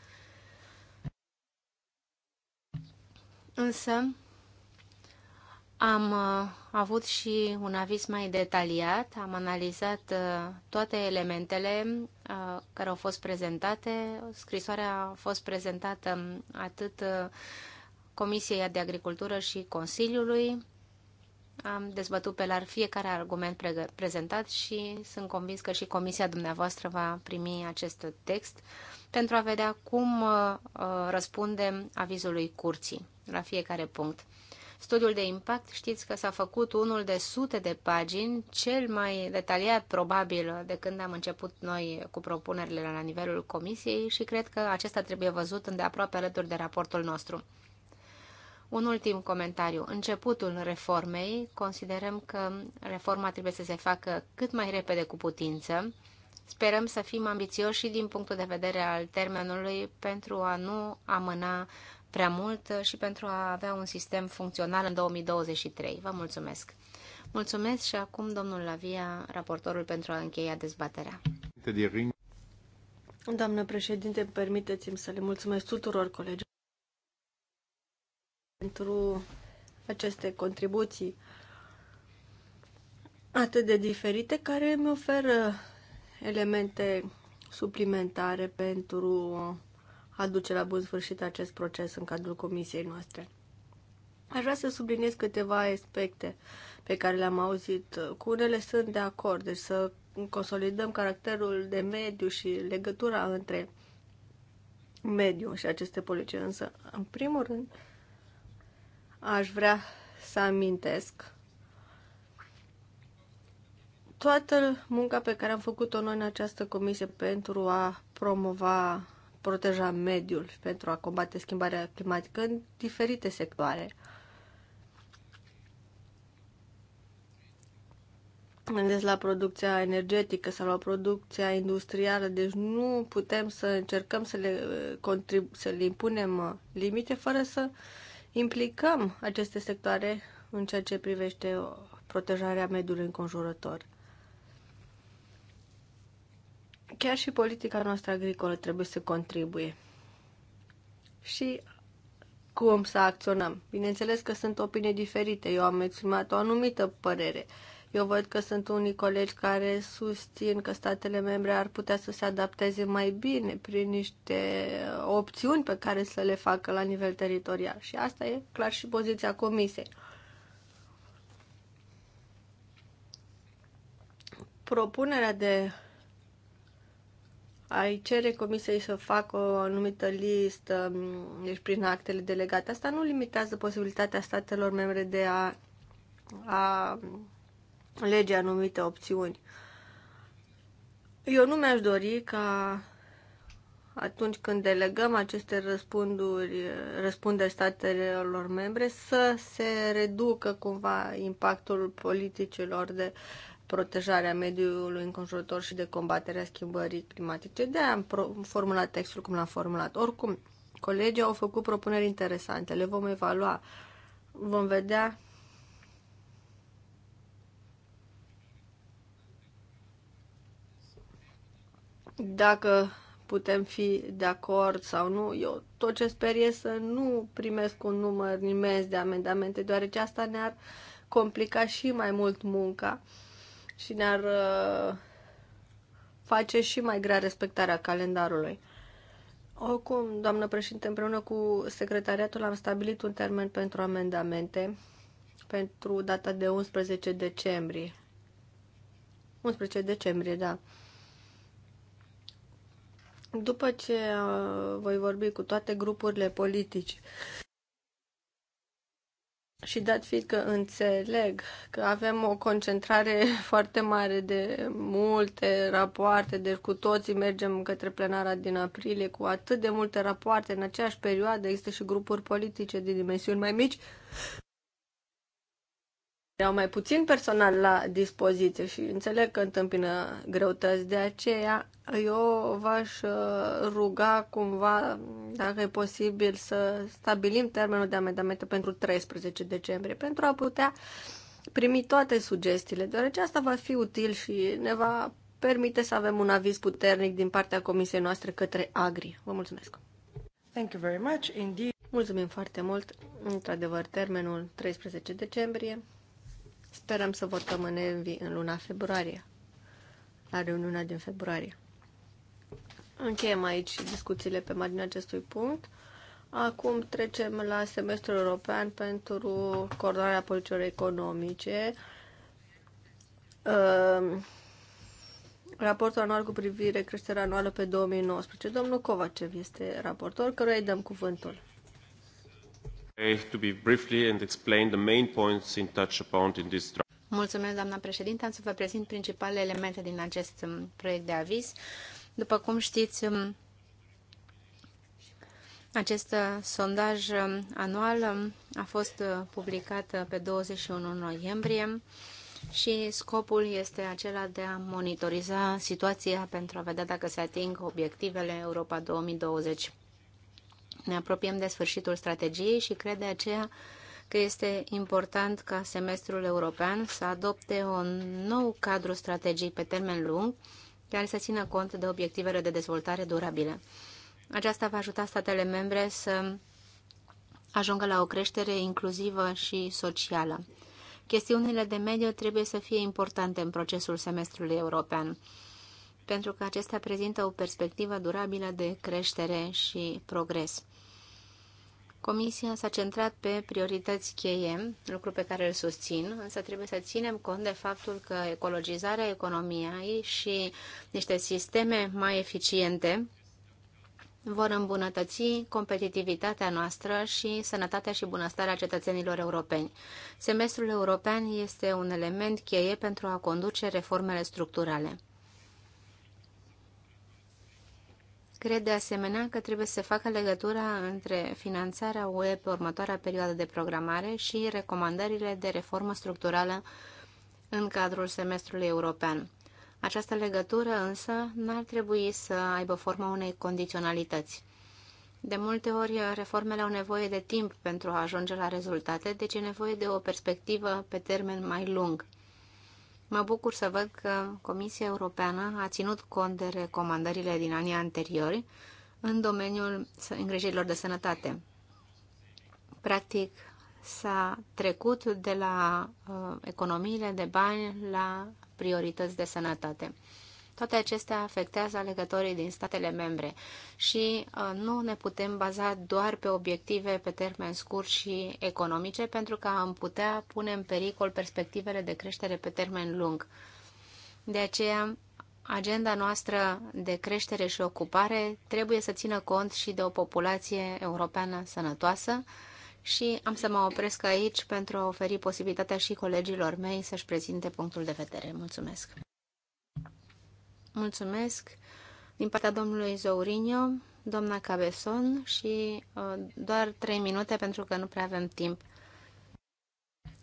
Însă am uh, avut și un aviz mai detaliat, am analizat uh, toate elementele care au fost prezentate. Scrisoarea a fost prezentată um, atât Comisiei de Agricultură și Consiliului. Am dezbătut pe larg fiecare argument prezentat și sunt convins că și comisia dumneavoastră va primi acest text pentru a vedea cum uh, uh, răspundem avizului curții la fiecare punct. Studiul de impact, știți că s-a făcut unul de sute de pagini, cel mai detaliat probabil de când am început noi cu propunerile la nivelul comisiei și cred că acesta trebuie văzut îndeaproape alături de raportul nostru. Un ultim comentariu. Începutul reformei, considerăm că reforma trebuie să se facă cât mai repede cu putință. Sperăm să fim ambițioși și din punctul de vedere al termenului pentru a nu amâna prea mult și pentru a avea un sistem funcțional în 2023. Vă mulțumesc! Mulțumesc și acum domnul Lavia, raportorul pentru a încheia dezbaterea. Doamnă președinte, permiteți-mi să le mulțumesc tuturor colegilor pentru aceste contribuții atât de diferite care îmi oferă elemente suplimentare pentru a duce la bun sfârșit acest proces în cadrul comisiei noastre. Aș vrea să subliniez câteva aspecte pe care le-am auzit. Cu unele sunt de acord, deci să consolidăm caracterul de mediu și legătura între mediu și aceste politici. Însă, în primul rând, aș vrea să amintesc toată munca pe care am făcut-o noi în această comisie pentru a promova, proteja mediul și pentru a combate schimbarea climatică în diferite sectoare. gândesc la producția energetică sau la producția industrială, deci nu putem să încercăm să le, să le impunem uh, limite fără să implicăm aceste sectoare în ceea ce privește protejarea mediului înconjurător. Chiar și politica noastră agricolă trebuie să contribuie. Și cum să acționăm? Bineînțeles că sunt opinii diferite. Eu am exprimat o anumită părere. Uh, eu văd că sunt unii colegi care susțin că statele membre ar putea să se adapteze mai bine prin niște opțiuni pe care să le facă la nivel teritorial. Și asta e clar și poziția Comisiei. Propunerea de ai cere comisiei să facă o anumită listă, mm, deci prin actele delegate. Asta nu limitează posibilitatea statelor membre de a, a lege anumite opțiuni. Eu nu mi-aș dori ca atunci când delegăm aceste răspunduri, răspunderi statelor membre, să se reducă cumva impactul politicilor de protejarea mediului înconjurător și de combaterea schimbării climatice. De aia am formulat textul cum l-am formulat. Oricum, colegii au făcut propuneri interesante, le vom evalua, vom vedea dacă putem fi de acord sau nu. Eu tot ce sper e să nu primesc un număr imens de amendamente, deoarece asta ne-ar complica și mai mult munca și ne-ar uh, face și mai grea respectarea calendarului. Oricum, doamnă președinte, împreună cu secretariatul am stabilit un termen pentru amendamente pentru data de 11 decembrie. 11 decembrie, da. După ce uh, voi vorbi cu toate grupurile politice și dat fiind că înțeleg că avem o concentrare foarte mare de multe rapoarte, deci cu toții mergem către plenara din aprilie cu atât de multe rapoarte în aceeași perioadă, există și grupuri politice de dimensiuni mai mici, au mai puțin personal la dispoziție și înțeleg că întâmpină greutăți, de aceea eu v-aș uh, ruga cumva, dacă e posibil, să stabilim termenul de amendamente pentru 13 decembrie, pentru a putea primi toate sugestiile, deoarece asta va fi util și ne va permite să avem un aviz puternic din partea comisiei noastre către Agri. Vă mulțumesc! Thank you very much indeed. Mulțumim foarte mult. Într-adevăr, termenul 13 decembrie Sperăm să votăm în Envi în luna februarie, la reuniunea din februarie. Încheiem aici discuțiile pe marginea acestui punct. Acum trecem la semestrul european pentru coordonarea politicilor economice. Ehm, raportul anual cu privire creșterea anuală pe 2019. Domnul Covacev este raportor, căruia îi dăm cuvântul. To be briefly and explain the main points in touch upon in this draft. Mulțumesc, doamna președinte. Am să vă prezint principalele elemente din acest um, proiect de aviz. După cum știți, um, acest uh, sondaj um, anual a fost uh, publicat uh, pe 21 noiembrie și scopul este acela de a monitoriza situația pentru a vedea dacă se ating obiectivele Europa 2020. Ne apropiem de sfârșitul strategiei și cred de aceea că este important ca semestrul european să adopte un nou cadru strategic pe termen lung care să țină cont de obiectivele de dezvoltare durabile. Aceasta va ajuta statele membre să ajungă la o creștere inclusivă și socială. Chestiunile de mediu trebuie să fie importante în procesul semestrului european, pentru că acestea prezintă o perspectivă durabilă de creștere și progres. Comisia s-a centrat pe priorități cheie, lucru pe care îl susțin, însă trebuie să ținem cont de faptul că ecologizarea economiei și niște sisteme mai eficiente vor îmbunătăți competitivitatea noastră și sănătatea și bunăstarea cetățenilor europeni. Semestrul european este un element cheie pentru a conduce reformele structurale. Cred de asemenea că trebuie să facă legătura între finanțarea UE pe următoarea perioadă de programare și recomandările de reformă structurală în cadrul semestrului european. Această legătură însă n-ar trebui să aibă forma unei condiționalități. De multe ori, reformele au nevoie de timp pentru a ajunge la rezultate, deci e nevoie de o perspectivă pe termen mai lung. Mă bucur să văd că Comisia Europeană a ținut cont de recomandările din anii anteriori în domeniul îngrijirilor de sănătate. Practic, s-a trecut de la uh, economiile de bani la priorități de sănătate. Toate acestea afectează alegătorii din statele membre și uh, nu ne putem baza doar pe obiective pe termen scurt și economice pentru că am putea pune în pericol perspectivele de creștere pe termen lung. De aceea, agenda noastră de creștere și ocupare trebuie să țină cont și de o populație europeană sănătoasă și am să mă opresc aici pentru a oferi posibilitatea și colegilor mei să-și prezinte punctul de vedere. Mulțumesc! Mulțumesc din partea domnului Zourinio, doamna Cabeson și uh, doar trei minute pentru că nu prea avem timp.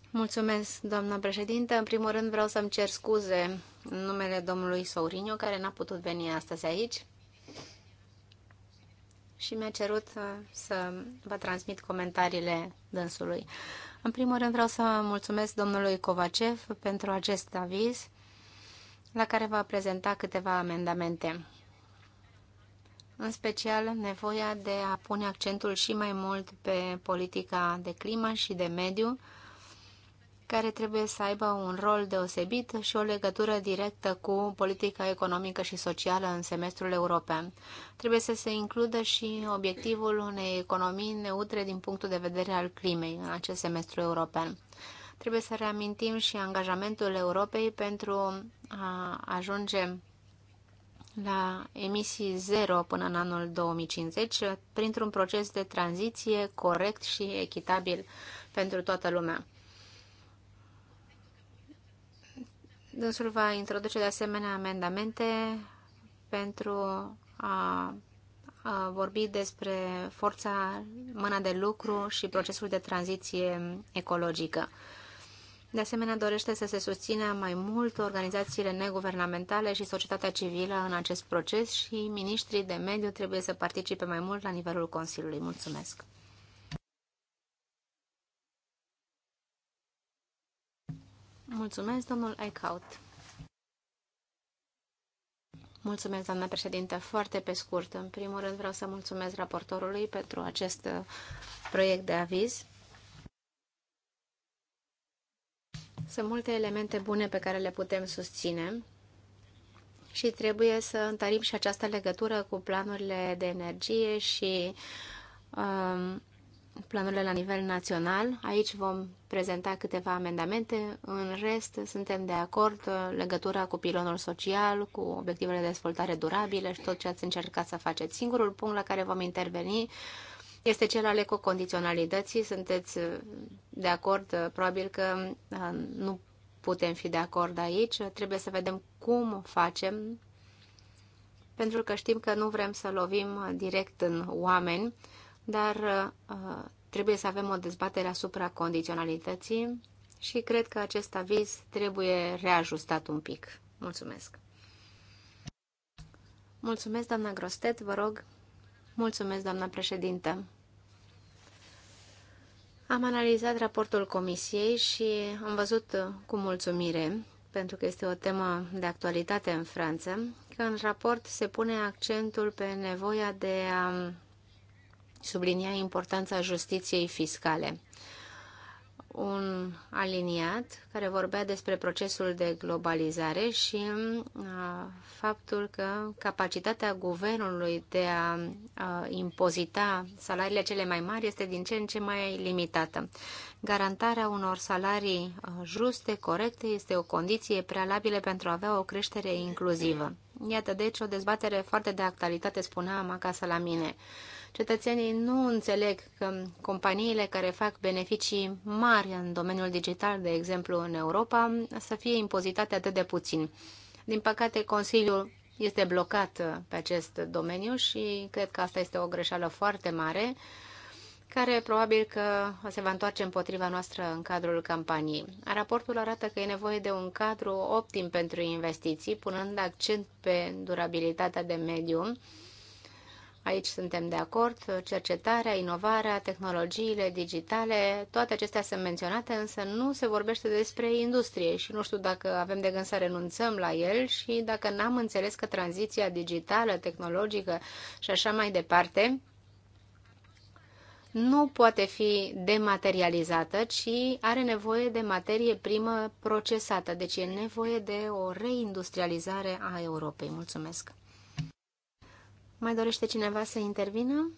Mulțumesc, doamna președintă. În primul rând vreau să-mi cer scuze în numele domnului Sourinio, care n-a putut veni astăzi aici și mi-a cerut uh, să vă transmit comentariile dânsului. În primul rând vreau să mulțumesc domnului Covacev pentru acest aviz la care va prezenta câteva amendamente. În special, nevoia de a pune accentul și mai mult pe politica de climă și de mediu, care trebuie să aibă un rol deosebit și o legătură directă cu politica economică și socială în semestrul european. Trebuie să se includă și obiectivul unei economii neutre din punctul de vedere al climei în acest semestru european. Trebuie să reamintim și angajamentul Europei pentru a ajunge la emisii zero până în anul 2050 printr-un proces de tranziție corect și echitabil pentru toată lumea. Dânsul va introduce de asemenea amendamente pentru a, a vorbi despre forța, mâna de lucru și procesul de tranziție ecologică. De asemenea, dorește să se susțină mai mult organizațiile neguvernamentale și societatea civilă în acest proces și ministrii de mediu trebuie să participe mai mult la nivelul Consiliului. Mulțumesc! Mulțumesc, domnul Eichhout. Mulțumesc, doamna președinte. Foarte pe scurt, în primul rând vreau să mulțumesc raportorului pentru acest uh, proiect de aviz. Sunt multe elemente bune pe care le putem susține și trebuie să întărim și această legătură cu planurile de energie și um, planurile la nivel național. Aici vom prezenta câteva amendamente. În rest, suntem de acord uh, legătura cu pilonul social, cu obiectivele de dezvoltare durabile și tot ce ați încercat să faceți. Singurul punct la care vom interveni este cel al ecocondiționalității. Sunteți uh, de acord? Uh, probabil că uh, nu putem fi de acord aici. Trebuie să vedem cum facem, pentru că știm că nu vrem să lovim direct în oameni, dar trebuie să avem o dezbatere asupra condiționalității și cred că acest aviz trebuie reajustat un pic. Mulțumesc! Mulțumesc, doamna Grostet, vă rog. Mulțumesc, doamna președintă. Am analizat raportul comisiei și am văzut cu mulțumire, pentru că este o temă de actualitate în Franța, că în raport se pune accentul pe nevoia de a sublinia importanța justiției fiscale un aliniat care vorbea despre procesul de globalizare și uh, faptul că capacitatea guvernului de a uh, impozita salariile cele mai mari este din ce în ce mai limitată. Garantarea unor salarii uh, juste, corecte, este o condiție prealabilă pentru a avea o creștere inclusivă. Iată, deci, o dezbatere foarte de actualitate, spunea Maca Salamine. la mine Cetățenii nu înțeleg că companiile care fac beneficii mari în domeniul digital, de exemplu în Europa, să fie impozitate atât de puțin. Din păcate, Consiliul este blocat pe acest domeniu și cred că asta este o greșeală foarte mare, care probabil că se va întoarce împotriva noastră în cadrul campaniei. Raportul arată că e nevoie de un cadru optim pentru investiții, punând accent pe durabilitatea de mediu, Aici suntem de acord, cercetarea, inovarea, tehnologiile digitale, toate acestea sunt menționate, însă nu se vorbește despre industrie și nu știu dacă avem de gând să renunțăm la el și dacă n-am înțeles că tranziția digitală, tehnologică și așa mai departe nu poate fi dematerializată, ci are nevoie de materie primă procesată. Deci e nevoie de o reindustrializare a Europei. Mulțumesc! Mai dorește cineva să intervină?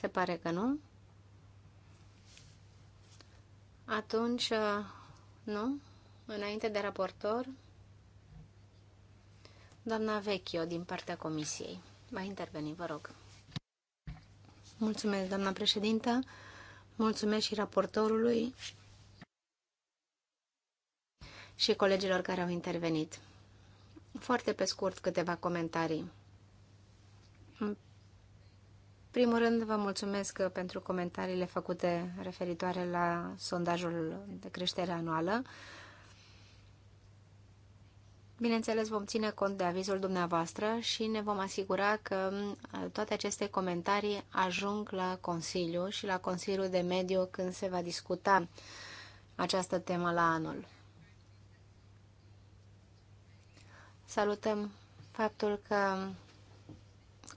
Se pare că nu. Atunci, uh, nu? Înainte de raportor, doamna Vechio, din partea comisiei, va interveni, vă rog. Mulțumesc, doamna președintă. Mulțumesc și raportorului și colegilor care au intervenit. Foarte pe scurt câteva comentarii. În primul rând, vă mulțumesc pentru comentariile făcute referitoare la sondajul de creștere anuală. Bineînțeles, vom ține cont de avizul dumneavoastră și ne vom asigura că uh, toate aceste comentarii ajung la Consiliu și la Consiliul de Mediu când se va discuta această temă la anul. Salutăm faptul că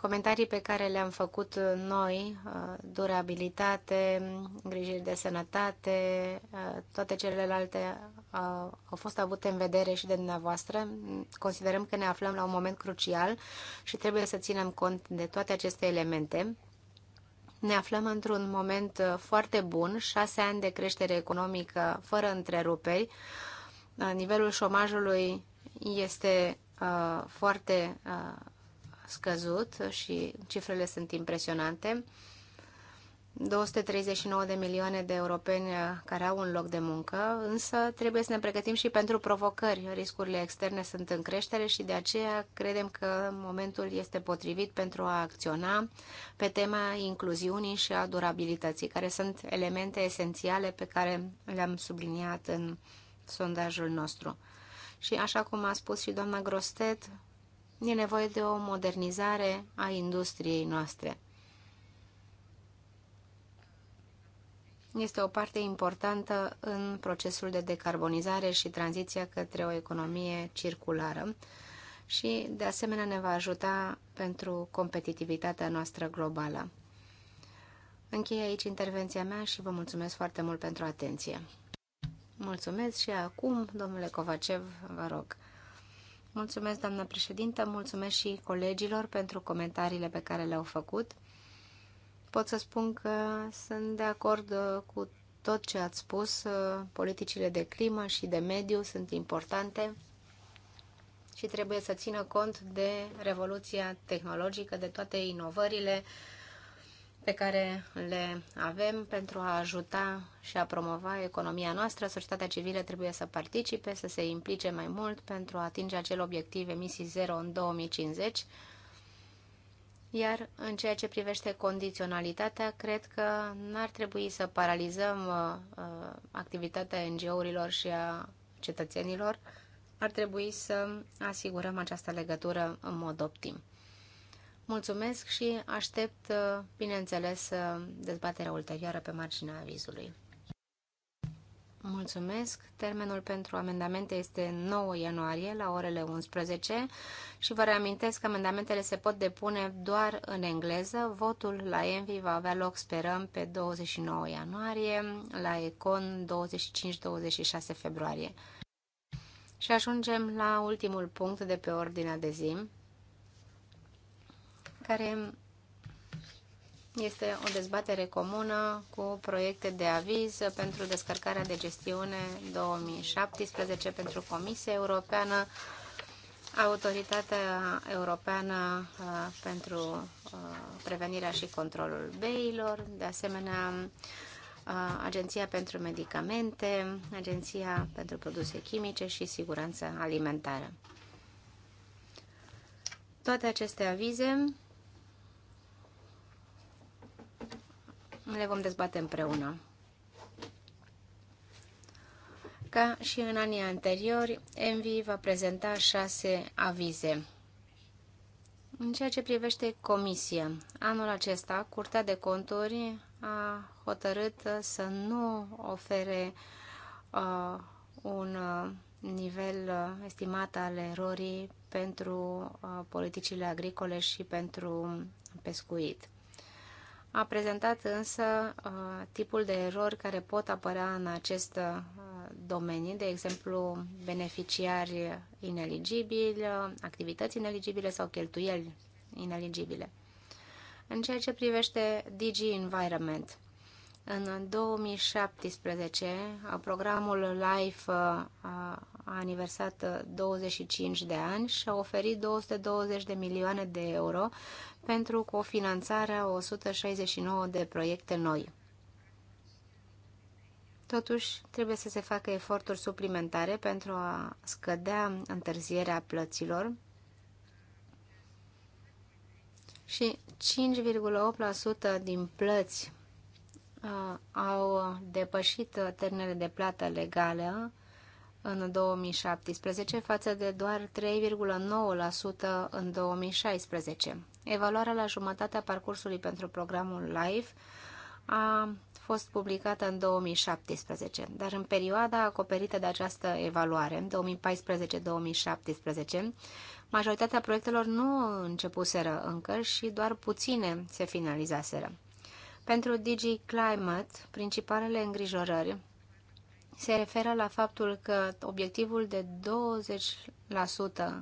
comentarii pe care le-am făcut uh, noi, uh, durabilitate, îngrijiri de sănătate, uh, toate celelalte au fost avute în vedere și de dumneavoastră. Considerăm că ne aflăm la un moment crucial și trebuie să ținem cont de toate aceste elemente. Ne aflăm într-un moment foarte bun, șase ani de creștere economică fără întreruperi. Nivelul șomajului este foarte scăzut și cifrele sunt impresionante. 239 de milioane de europeni uh, care au un loc de muncă, însă trebuie să ne pregătim și pentru provocări. Riscurile externe sunt în creștere și de aceea credem că momentul este potrivit pentru a acționa pe tema incluziunii și a durabilității, care sunt elemente esențiale pe care le-am subliniat în sondajul nostru. Și așa cum a spus și doamna Grostet, E nevoie de o modernizare a industriei noastre. Este o parte importantă în procesul de decarbonizare și tranziția către o economie circulară și, de asemenea, ne va ajuta pentru competitivitatea noastră globală. Închei aici intervenția mea și vă mulțumesc foarte mult pentru atenție. Mulțumesc și acum, domnule Covacev, vă rog. Mulțumesc, doamnă președintă, mulțumesc și colegilor pentru comentariile pe care le-au făcut. Pot să spun că sunt de acord uh, cu tot ce ați spus. Uh, politicile de climă și de mediu sunt importante și trebuie să țină cont de revoluția tehnologică, de toate inovările, pe care le avem pentru a ajuta și a promova economia noastră. Societatea civilă trebuie să participe, să se implice mai mult pentru a atinge acel obiectiv emisii zero în 2050. Iar în ceea ce privește condiționalitatea, cred că n-ar trebui să paralizăm uh, uh activitatea NGO-urilor și a cetățenilor. Ar trebui să asigurăm această legătură în mod optim. Mulțumesc și aștept, uh, bineînțeles, uh, dezbaterea ulterioară pe marginea avizului. Mulțumesc. Termenul pentru amendamente este 9 ianuarie la orele 11 și vă reamintesc că amendamentele se pot depune doar în engleză. Votul la ENVI va avea loc, sperăm, pe 29 ianuarie, la ECON 25-26 februarie. Și ajungem la ultimul punct de pe ordinea de zi care este o dezbatere comună cu proiecte de aviz pentru descărcarea de gestiune 2017 pentru Comisia Europeană, Autoritatea Europeană uh, pentru uh, Prevenirea și Controlul Beilor, de asemenea uh, Agenția pentru Medicamente, Agenția pentru Produse Chimice și Siguranța Alimentară. Toate aceste avize le vom dezbate împreună. Ca și în anii anteriori, Envi va prezenta șase avize. În ceea ce privește comisia, anul acesta, Curtea de Conturi a hotărât să nu ofere uh, un uh, nivel uh, estimat al erorii pentru uh, politicile agricole și pentru pescuit a prezentat însă uh, tipul de erori care pot apărea în acest uh, domenii, de exemplu beneficiari ineligibili, activități ineligibile sau cheltuieli ineligibile. În ceea ce privește DG Environment, în 2017, programul LIFE uh, a aniversat 25 uh, de ani și a oferit 220 de milioane de euro pentru cofinanțarea 169 de proiecte noi. Totuși, trebuie să se facă eforturi suplimentare pentru a scădea întârzierea plăților și 5,8% din plăți uh, au depășit uh, termenele de plată legală în 2017 față de doar 3,9% în 2016. Evaluarea la jumătatea parcursului pentru programul LIFE a fost publicată în 2017, dar în perioada acoperită de această evaluare, 2014-2017, majoritatea proiectelor nu începuseră încă și doar puține se finalizaseră. Pentru DG Climate, principalele îngrijorări se referă la faptul că obiectivul de 20%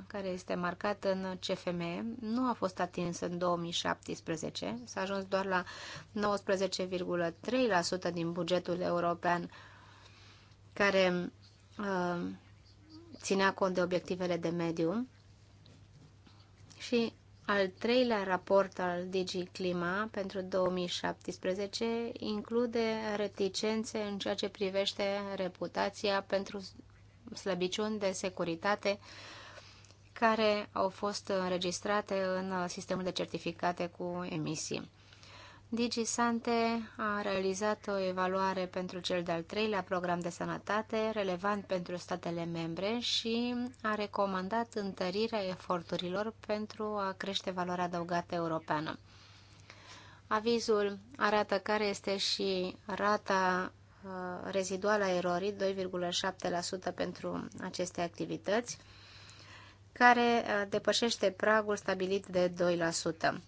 care este marcat în CFM nu a fost atins în 2017, s-a ajuns doar la 19,3% din bugetul european care uh, ținea cont de obiectivele de mediu și al treilea raport al DG Clima pentru 2017 include reticențe în ceea ce privește reputația pentru slăbiciuni de securitate care au fost înregistrate în sistemul de certificate cu emisii. DigiSante a realizat o evaluare pentru cel de-al treilea program de sănătate relevant pentru statele membre și a recomandat întărirea eforturilor pentru a crește valoarea adăugată europeană. Avizul arată care este și rata uh, reziduală a erorii, 2,7% pentru aceste activități, care uh, depășește pragul stabilit de 2%.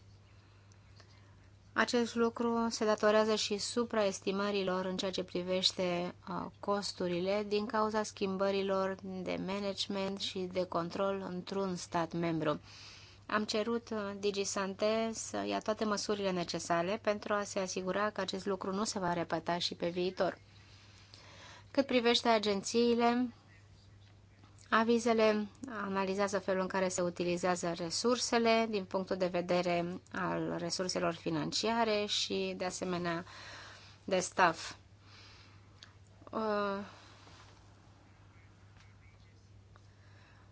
Acest lucru se datorează și supraestimărilor în ceea ce privește uh, costurile din cauza schimbărilor de management și de control într-un stat membru. Am cerut uh, DigiSante să ia toate măsurile necesare pentru a se asigura că acest lucru nu se va repeta și pe viitor. Cât privește agențiile, Avizele analizează felul în care se utilizează resursele din punctul de vedere al resurselor financiare și, de asemenea, de staff. Uh,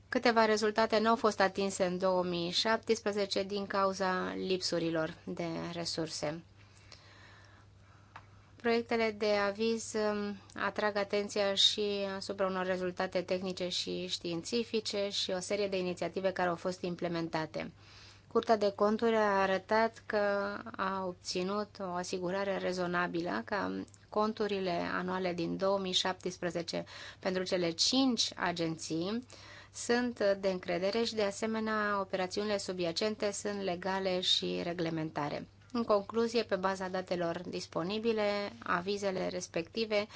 câteva rezultate nu au fost atinse în 2017 din cauza lipsurilor de resurse proiectele de aviz um, atrag atenția și asupra unor rezultate tehnice și științifice și o serie de inițiative care au fost implementate. Curtea de conturi a arătat că a obținut o asigurare rezonabilă ca conturile anuale din 2017 pentru cele 5 agenții sunt de încredere și de asemenea operațiunile subiacente sunt legale și reglementare. În concluzie, pe baza datelor disponibile, avizele respective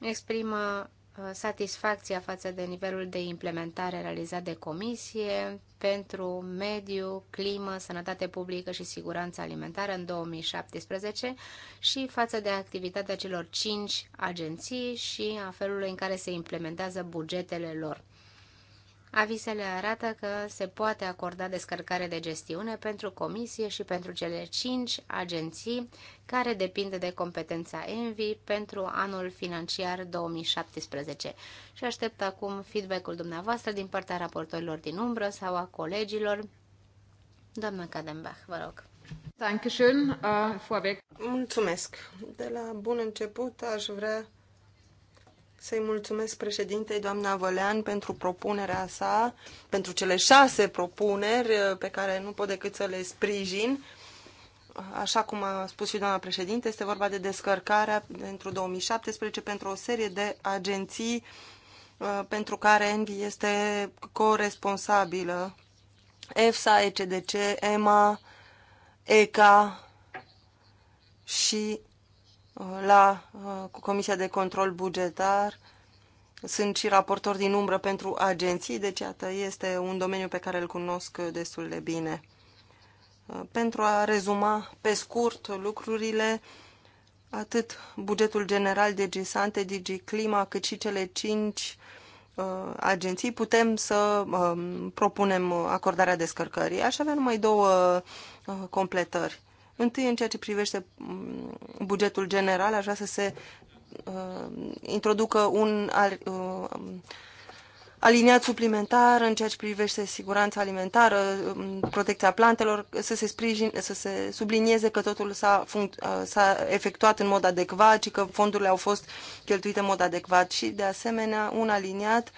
exprimă uh, satisfacția față de nivelul de implementare realizat de comisie pentru mediu, climă, sănătate publică și siguranță alimentară în 2017 și față de activitatea celor cinci agenții și a felului în care se implementează bugetele lor. Avisele arată că se poate acorda descărcare de gestiune pentru comisie și pentru cele cinci agenții care depind de competența ENVI pentru anul financiar 2017. Și aștept acum feedback-ul dumneavoastră din partea raportorilor din umbră sau a colegilor. Doamna Kadenbach, vă rog. Äh, Mulțumesc. De la bun început aș vrea să-i mulțumesc președintei doamna Vălean pentru propunerea sa, pentru cele șase propuneri uh, pe care nu pot decât să le sprijin. Uh, așa cum a spus și doamna președinte, este vorba de descărcarea pentru 2017 pentru o serie de agenții uh, pentru care Envi este corresponsabilă. EFSA, ECDC, EMA, ECA și la uh, Comisia de Control Bugetar. Sunt și raportor din umbră pentru agenții, deci iată, este un domeniu pe care îl cunosc destul de bine. Uh, pentru a rezuma pe scurt lucrurile, atât bugetul general de gisante, Digi Clima, cât și cele cinci uh, agenții, putem să uh, propunem acordarea descărcării. Aș avea numai două uh, completări. Întâi, în ceea ce privește mm, bugetul general, aș vrea să se uh, introducă un uh, aliniat suplimentar în ceea ce privește siguranța alimentară, mm, protecția plantelor, să se, sprijin, să se sublinieze că totul s-a, uh, s-a efectuat în mod adecvat și că fondurile au fost cheltuite în mod adecvat și, de asemenea, un aliniat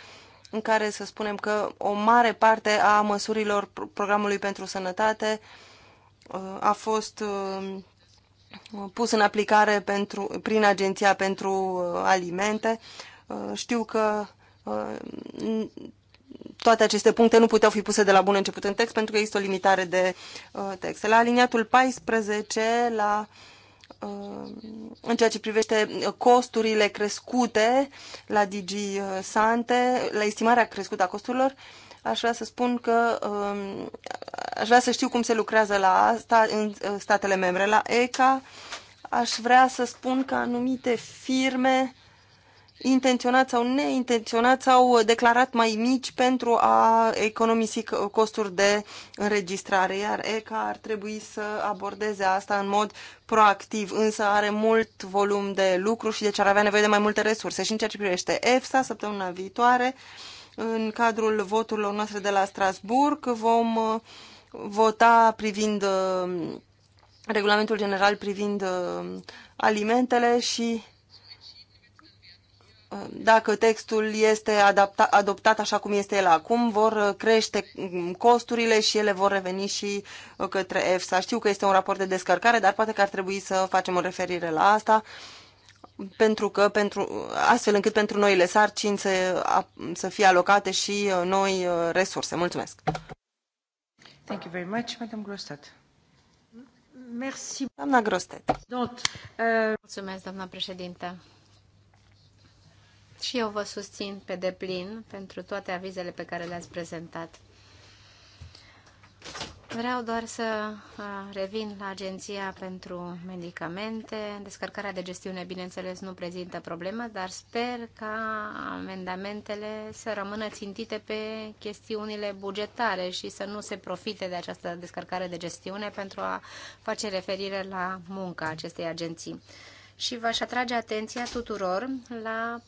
în care să spunem că o mare parte a măsurilor programului pentru sănătate uh, a fost uh, pus în aplicare pentru, prin Agenția pentru uh, Alimente. Uh, știu că toate aceste puncte nu puteau fi puse de la bun început în text pentru că există o limitare de text. La aliniatul 14, la în ceea ce privește costurile crescute la Digi Sante, la estimarea crescută a costurilor, Aș vrea să spun că um, aș vrea să știu cum se lucrează la asta în uh, statele membre. La ECA aș vrea să spun că anumite firme intenționat sau neintenționat s-au declarat mai mici pentru a economisi costuri de înregistrare, iar ECA ar trebui să abordeze asta în mod proactiv, însă are mult volum de lucru și deci ar avea nevoie de mai multe resurse. Și în ceea ce privește EFSA, săptămâna viitoare, uh, în cadrul voturilor noastre de la Strasburg vom uh, vota privind uh, regulamentul general privind uh, alimentele și dacă textul este adapta, adoptat așa cum este el acum, vor crește mm, costurile și ele vor reveni și către EFSA. Știu că este un raport de descărcare, dar poate că ar trebui să facem o referire la asta pentru că pentru, astfel încât pentru noile sarcini să, să fie alocate și uh, noi uh, resurse. Mulțumesc! Thank you very much, Madam Grostet. Merci. Doamna Grostet. Don't, uh... Mulțumesc, doamna președintă. Și eu vă susțin pe deplin pentru toate avizele pe care le-ați prezentat. Vreau doar să revin la Agenția pentru Medicamente. Descărcarea de gestiune, bineînțeles, nu prezintă problemă, dar sper ca amendamentele să rămână țintite pe chestiunile bugetare și să nu se profite de această descărcare de gestiune pentru a face referire la munca acestei agenții. Și v-aș atrage atenția tuturor la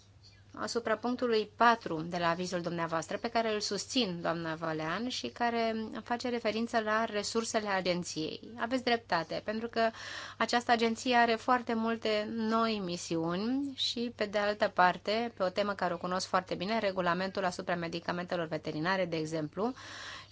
asupra punctului 4 de la avizul dumneavoastră, pe care îl susțin, doamna Valean, și care face referință la resursele agenției. Aveți dreptate, pentru că această agenție are foarte multe noi misiuni și, pe de altă parte, pe o temă care o cunosc foarte bine, regulamentul asupra medicamentelor veterinare, de exemplu,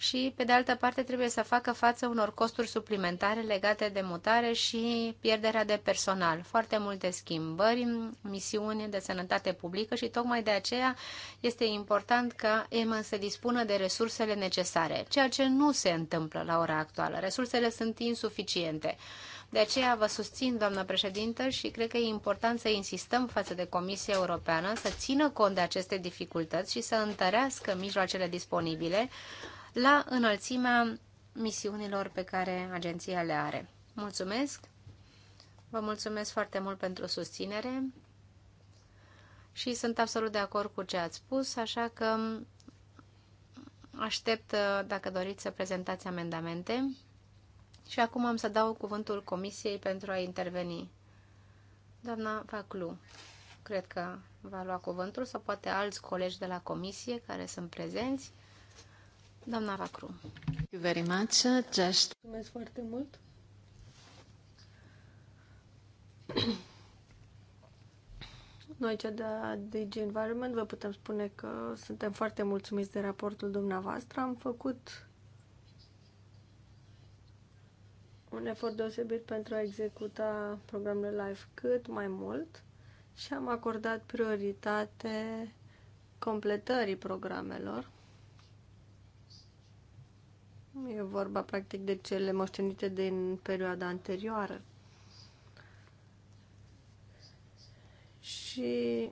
și, pe de altă parte, trebuie să facă față unor costuri suplimentare legate de mutare și pierderea de personal. Foarte multe schimbări, misiuni de sănătate publică și tocmai de aceea este important ca EMA să dispună de resursele necesare, ceea ce nu se întâmplă la ora actuală. Resursele sunt insuficiente. De aceea vă susțin, doamnă președintă, și cred că e important să insistăm față de Comisia Europeană să țină cont de aceste dificultăți și să întărească mijloacele disponibile la înălțimea misiunilor pe care agenția le are. Mulțumesc! Vă mulțumesc foarte mult pentru susținere și sunt absolut de acord cu ce ați spus, așa că aștept dacă doriți să prezentați amendamente. Și acum am să dau cuvântul Comisiei pentru a interveni. Doamna Vaclu, cred că va lua cuvântul sau poate alți colegi de la Comisie care sunt prezenți. Doamna Vacru. Thank you very much. Just... Mulțumesc foarte mult. Noi, cea de la DG Environment, vă putem spune că suntem foarte mulțumiți de raportul dumneavoastră. Am făcut un efort deosebit pentru a executa programele LIFE cât mai mult și am acordat prioritate completării programelor E vorba practic de cele moștenite din perioada anterioară. Și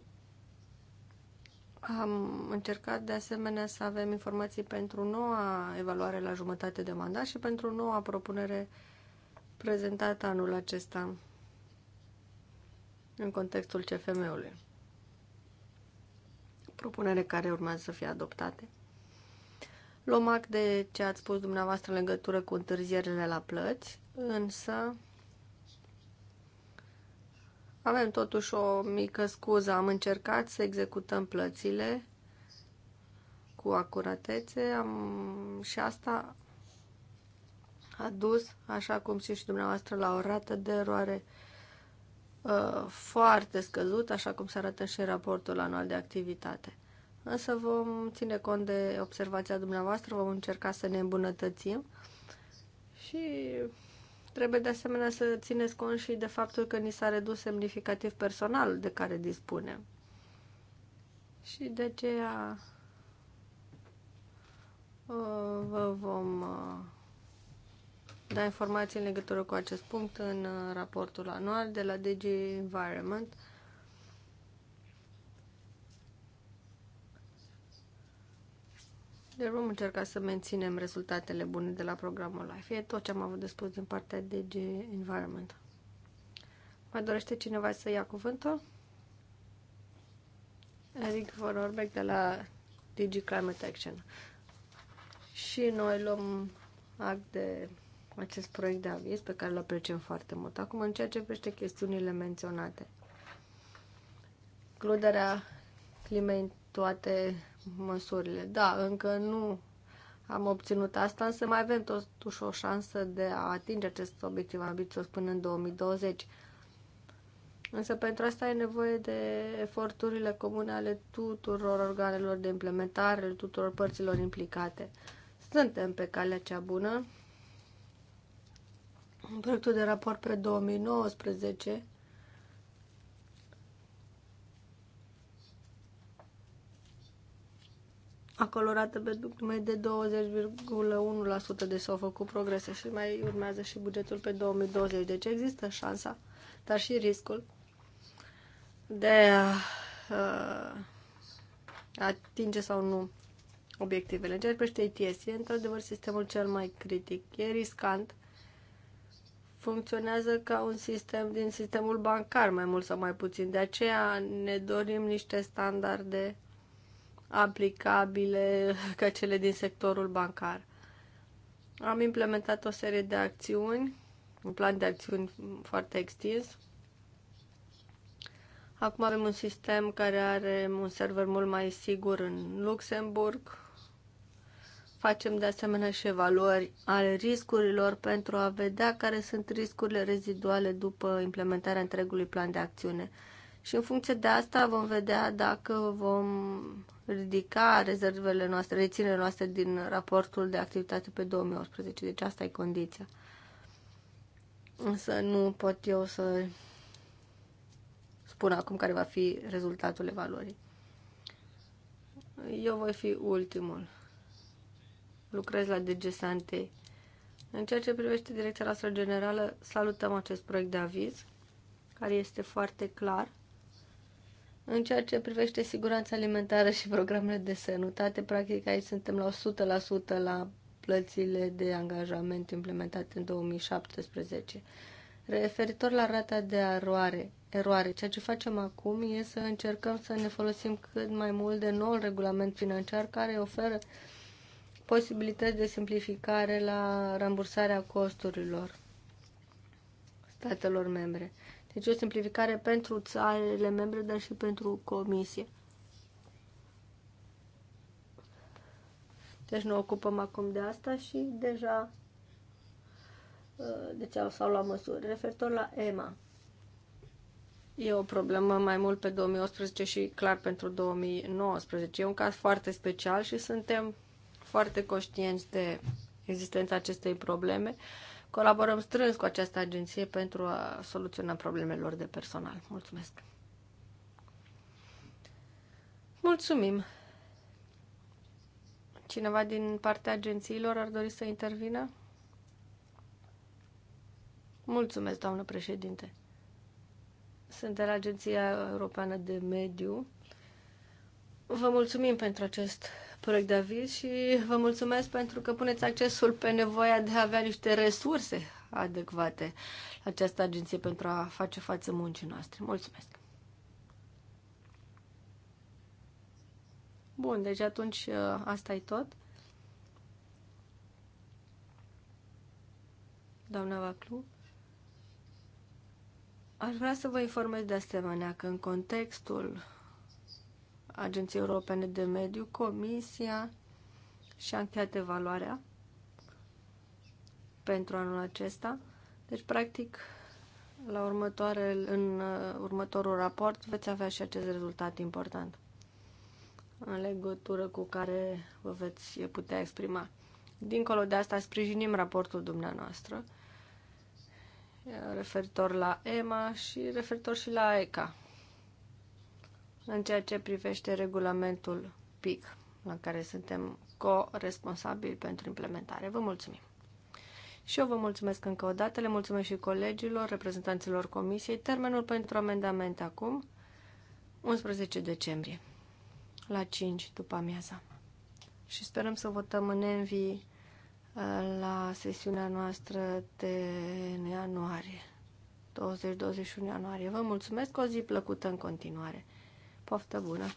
am încercat de asemenea să avem informații pentru noua evaluare la jumătate de mandat și pentru noua propunere prezentată anul acesta în contextul CFM-ului. Propunere care urmează să fie adoptate. Luăm act de ce ați spus dumneavoastră în legătură cu întârzierile la plăți, însă avem totuși o mică scuză. Am încercat să executăm plățile cu acuratețe am... și asta a dus, așa cum știți și dumneavoastră, la o rată de eroare uh, foarte scăzută, așa cum se arată și în raportul anual de activitate însă vom ține cont de observația dumneavoastră, vom încerca să ne îmbunătățim și trebuie de asemenea să țineți cont și de faptul că ni s-a redus semnificativ personalul de care dispunem. Și de aceea uh, vă vom uh, da informații în legătură cu acest punct în uh, raportul anual de la DG Environment Deci vom încerca să menținem rezultatele bune de la programul LIFE. E tot ce am avut de spus din partea DG Environment. Mai dorește cineva să ia cuvântul? Eric von Orbeck de la DG Climate Action. Și noi luăm act de acest proiect de aviz pe care îl apreciem foarte mult. Acum, în ceea ce privește chestiunile menționate, includerea climei în toate măsurile. Da, încă nu am obținut asta, însă mai avem totuși o șansă de a atinge acest obiectiv ambițios până în 2020. Însă pentru asta e nevoie de eforturile comune ale tuturor organelor de implementare, ale tuturor părților implicate. Suntem pe calea cea bună. Proiectul de raport pe 2019 A colorată, pe mai de 20,1% de deci s-au făcut progrese și mai urmează și bugetul pe 2020. Deci există șansa, dar și riscul de a, a atinge sau nu obiectivele. În ceea ce privește ETS, e într-adevăr sistemul cel mai critic. E riscant, funcționează ca un sistem din sistemul bancar, mai mult sau mai puțin. De aceea ne dorim niște standarde aplicabile ca cele din sectorul bancar. Am implementat o serie de acțiuni, un plan de acțiuni foarte extins. Acum avem un sistem care are un server mult mai sigur în Luxemburg. Facem de asemenea și evaluări ale riscurilor pentru a vedea care sunt riscurile reziduale după implementarea întregului plan de acțiune. Și în funcție de asta vom vedea dacă vom ridica rezervele noastre, reținerile noastre din raportul de activitate pe 2018. Deci asta e condiția. Însă nu pot eu să spun acum care va fi rezultatul evaluării. Eu voi fi ultimul. Lucrez la DG În ceea ce privește direcția noastră generală, salutăm acest proiect de aviz, care este foarte clar în ceea ce privește siguranța alimentară și programele de sănătate, practic aici suntem la 100% la plățile de angajament implementate în 2017. Referitor la rata de eroare, eroare, ceea ce facem acum e să încercăm să ne folosim cât mai mult de noul regulament financiar care oferă posibilități de simplificare la rambursarea costurilor statelor membre. Deci o simplificare pentru țările membre, dar și pentru comisie. Deci ne ocupăm acum de asta și deja deci s-au luat măsuri. Referitor la EMA, e o problemă mai mult pe 2018 și clar pentru 2019. E un caz foarte special și suntem foarte conștienți de existența acestei probleme. Uh, Colaborăm strâns cu această agenție pentru a soluționa problemelor de personal. Mulțumesc! Mulțumim! Cineva din partea agențiilor ar dori să intervină? Mulțumesc, doamnă președinte. Sunt de la Agenția Europeană de Mediu. Vă mulțumim pentru acest proiect David și vă mulțumesc pentru că puneți accesul pe nevoia de a avea niște resurse adecvate la această agenție pentru a face față muncii noastre. Mulțumesc! Bun, deci atunci uh, asta e tot. Doamna Vaclu, aș vrea să vă informez de asemenea că în contextul Agenției Europene de Mediu, Comisia și-a încheiat evaluarea pentru anul acesta. Deci, practic, la următoare, în uh, următorul raport veți avea și acest rezultat important în legătură cu care vă veți putea exprima. Dincolo de asta, sprijinim raportul dumneavoastră uh, referitor la EMA și referitor și la ECA în ceea ce privește regulamentul PIC, la care suntem co-responsabili pentru implementare. Vă mulțumim! Și eu vă mulțumesc încă o dată, le mulțumesc și colegilor, reprezentanților comisiei. Termenul pentru amendament acum, 11 decembrie, la 5 după amiaza. Și sperăm să votăm în Envi uh, la sesiunea noastră de ianuarie, 20-21 ianuarie. Vă mulțumesc, o zi plăcută în continuare! Poftă bună!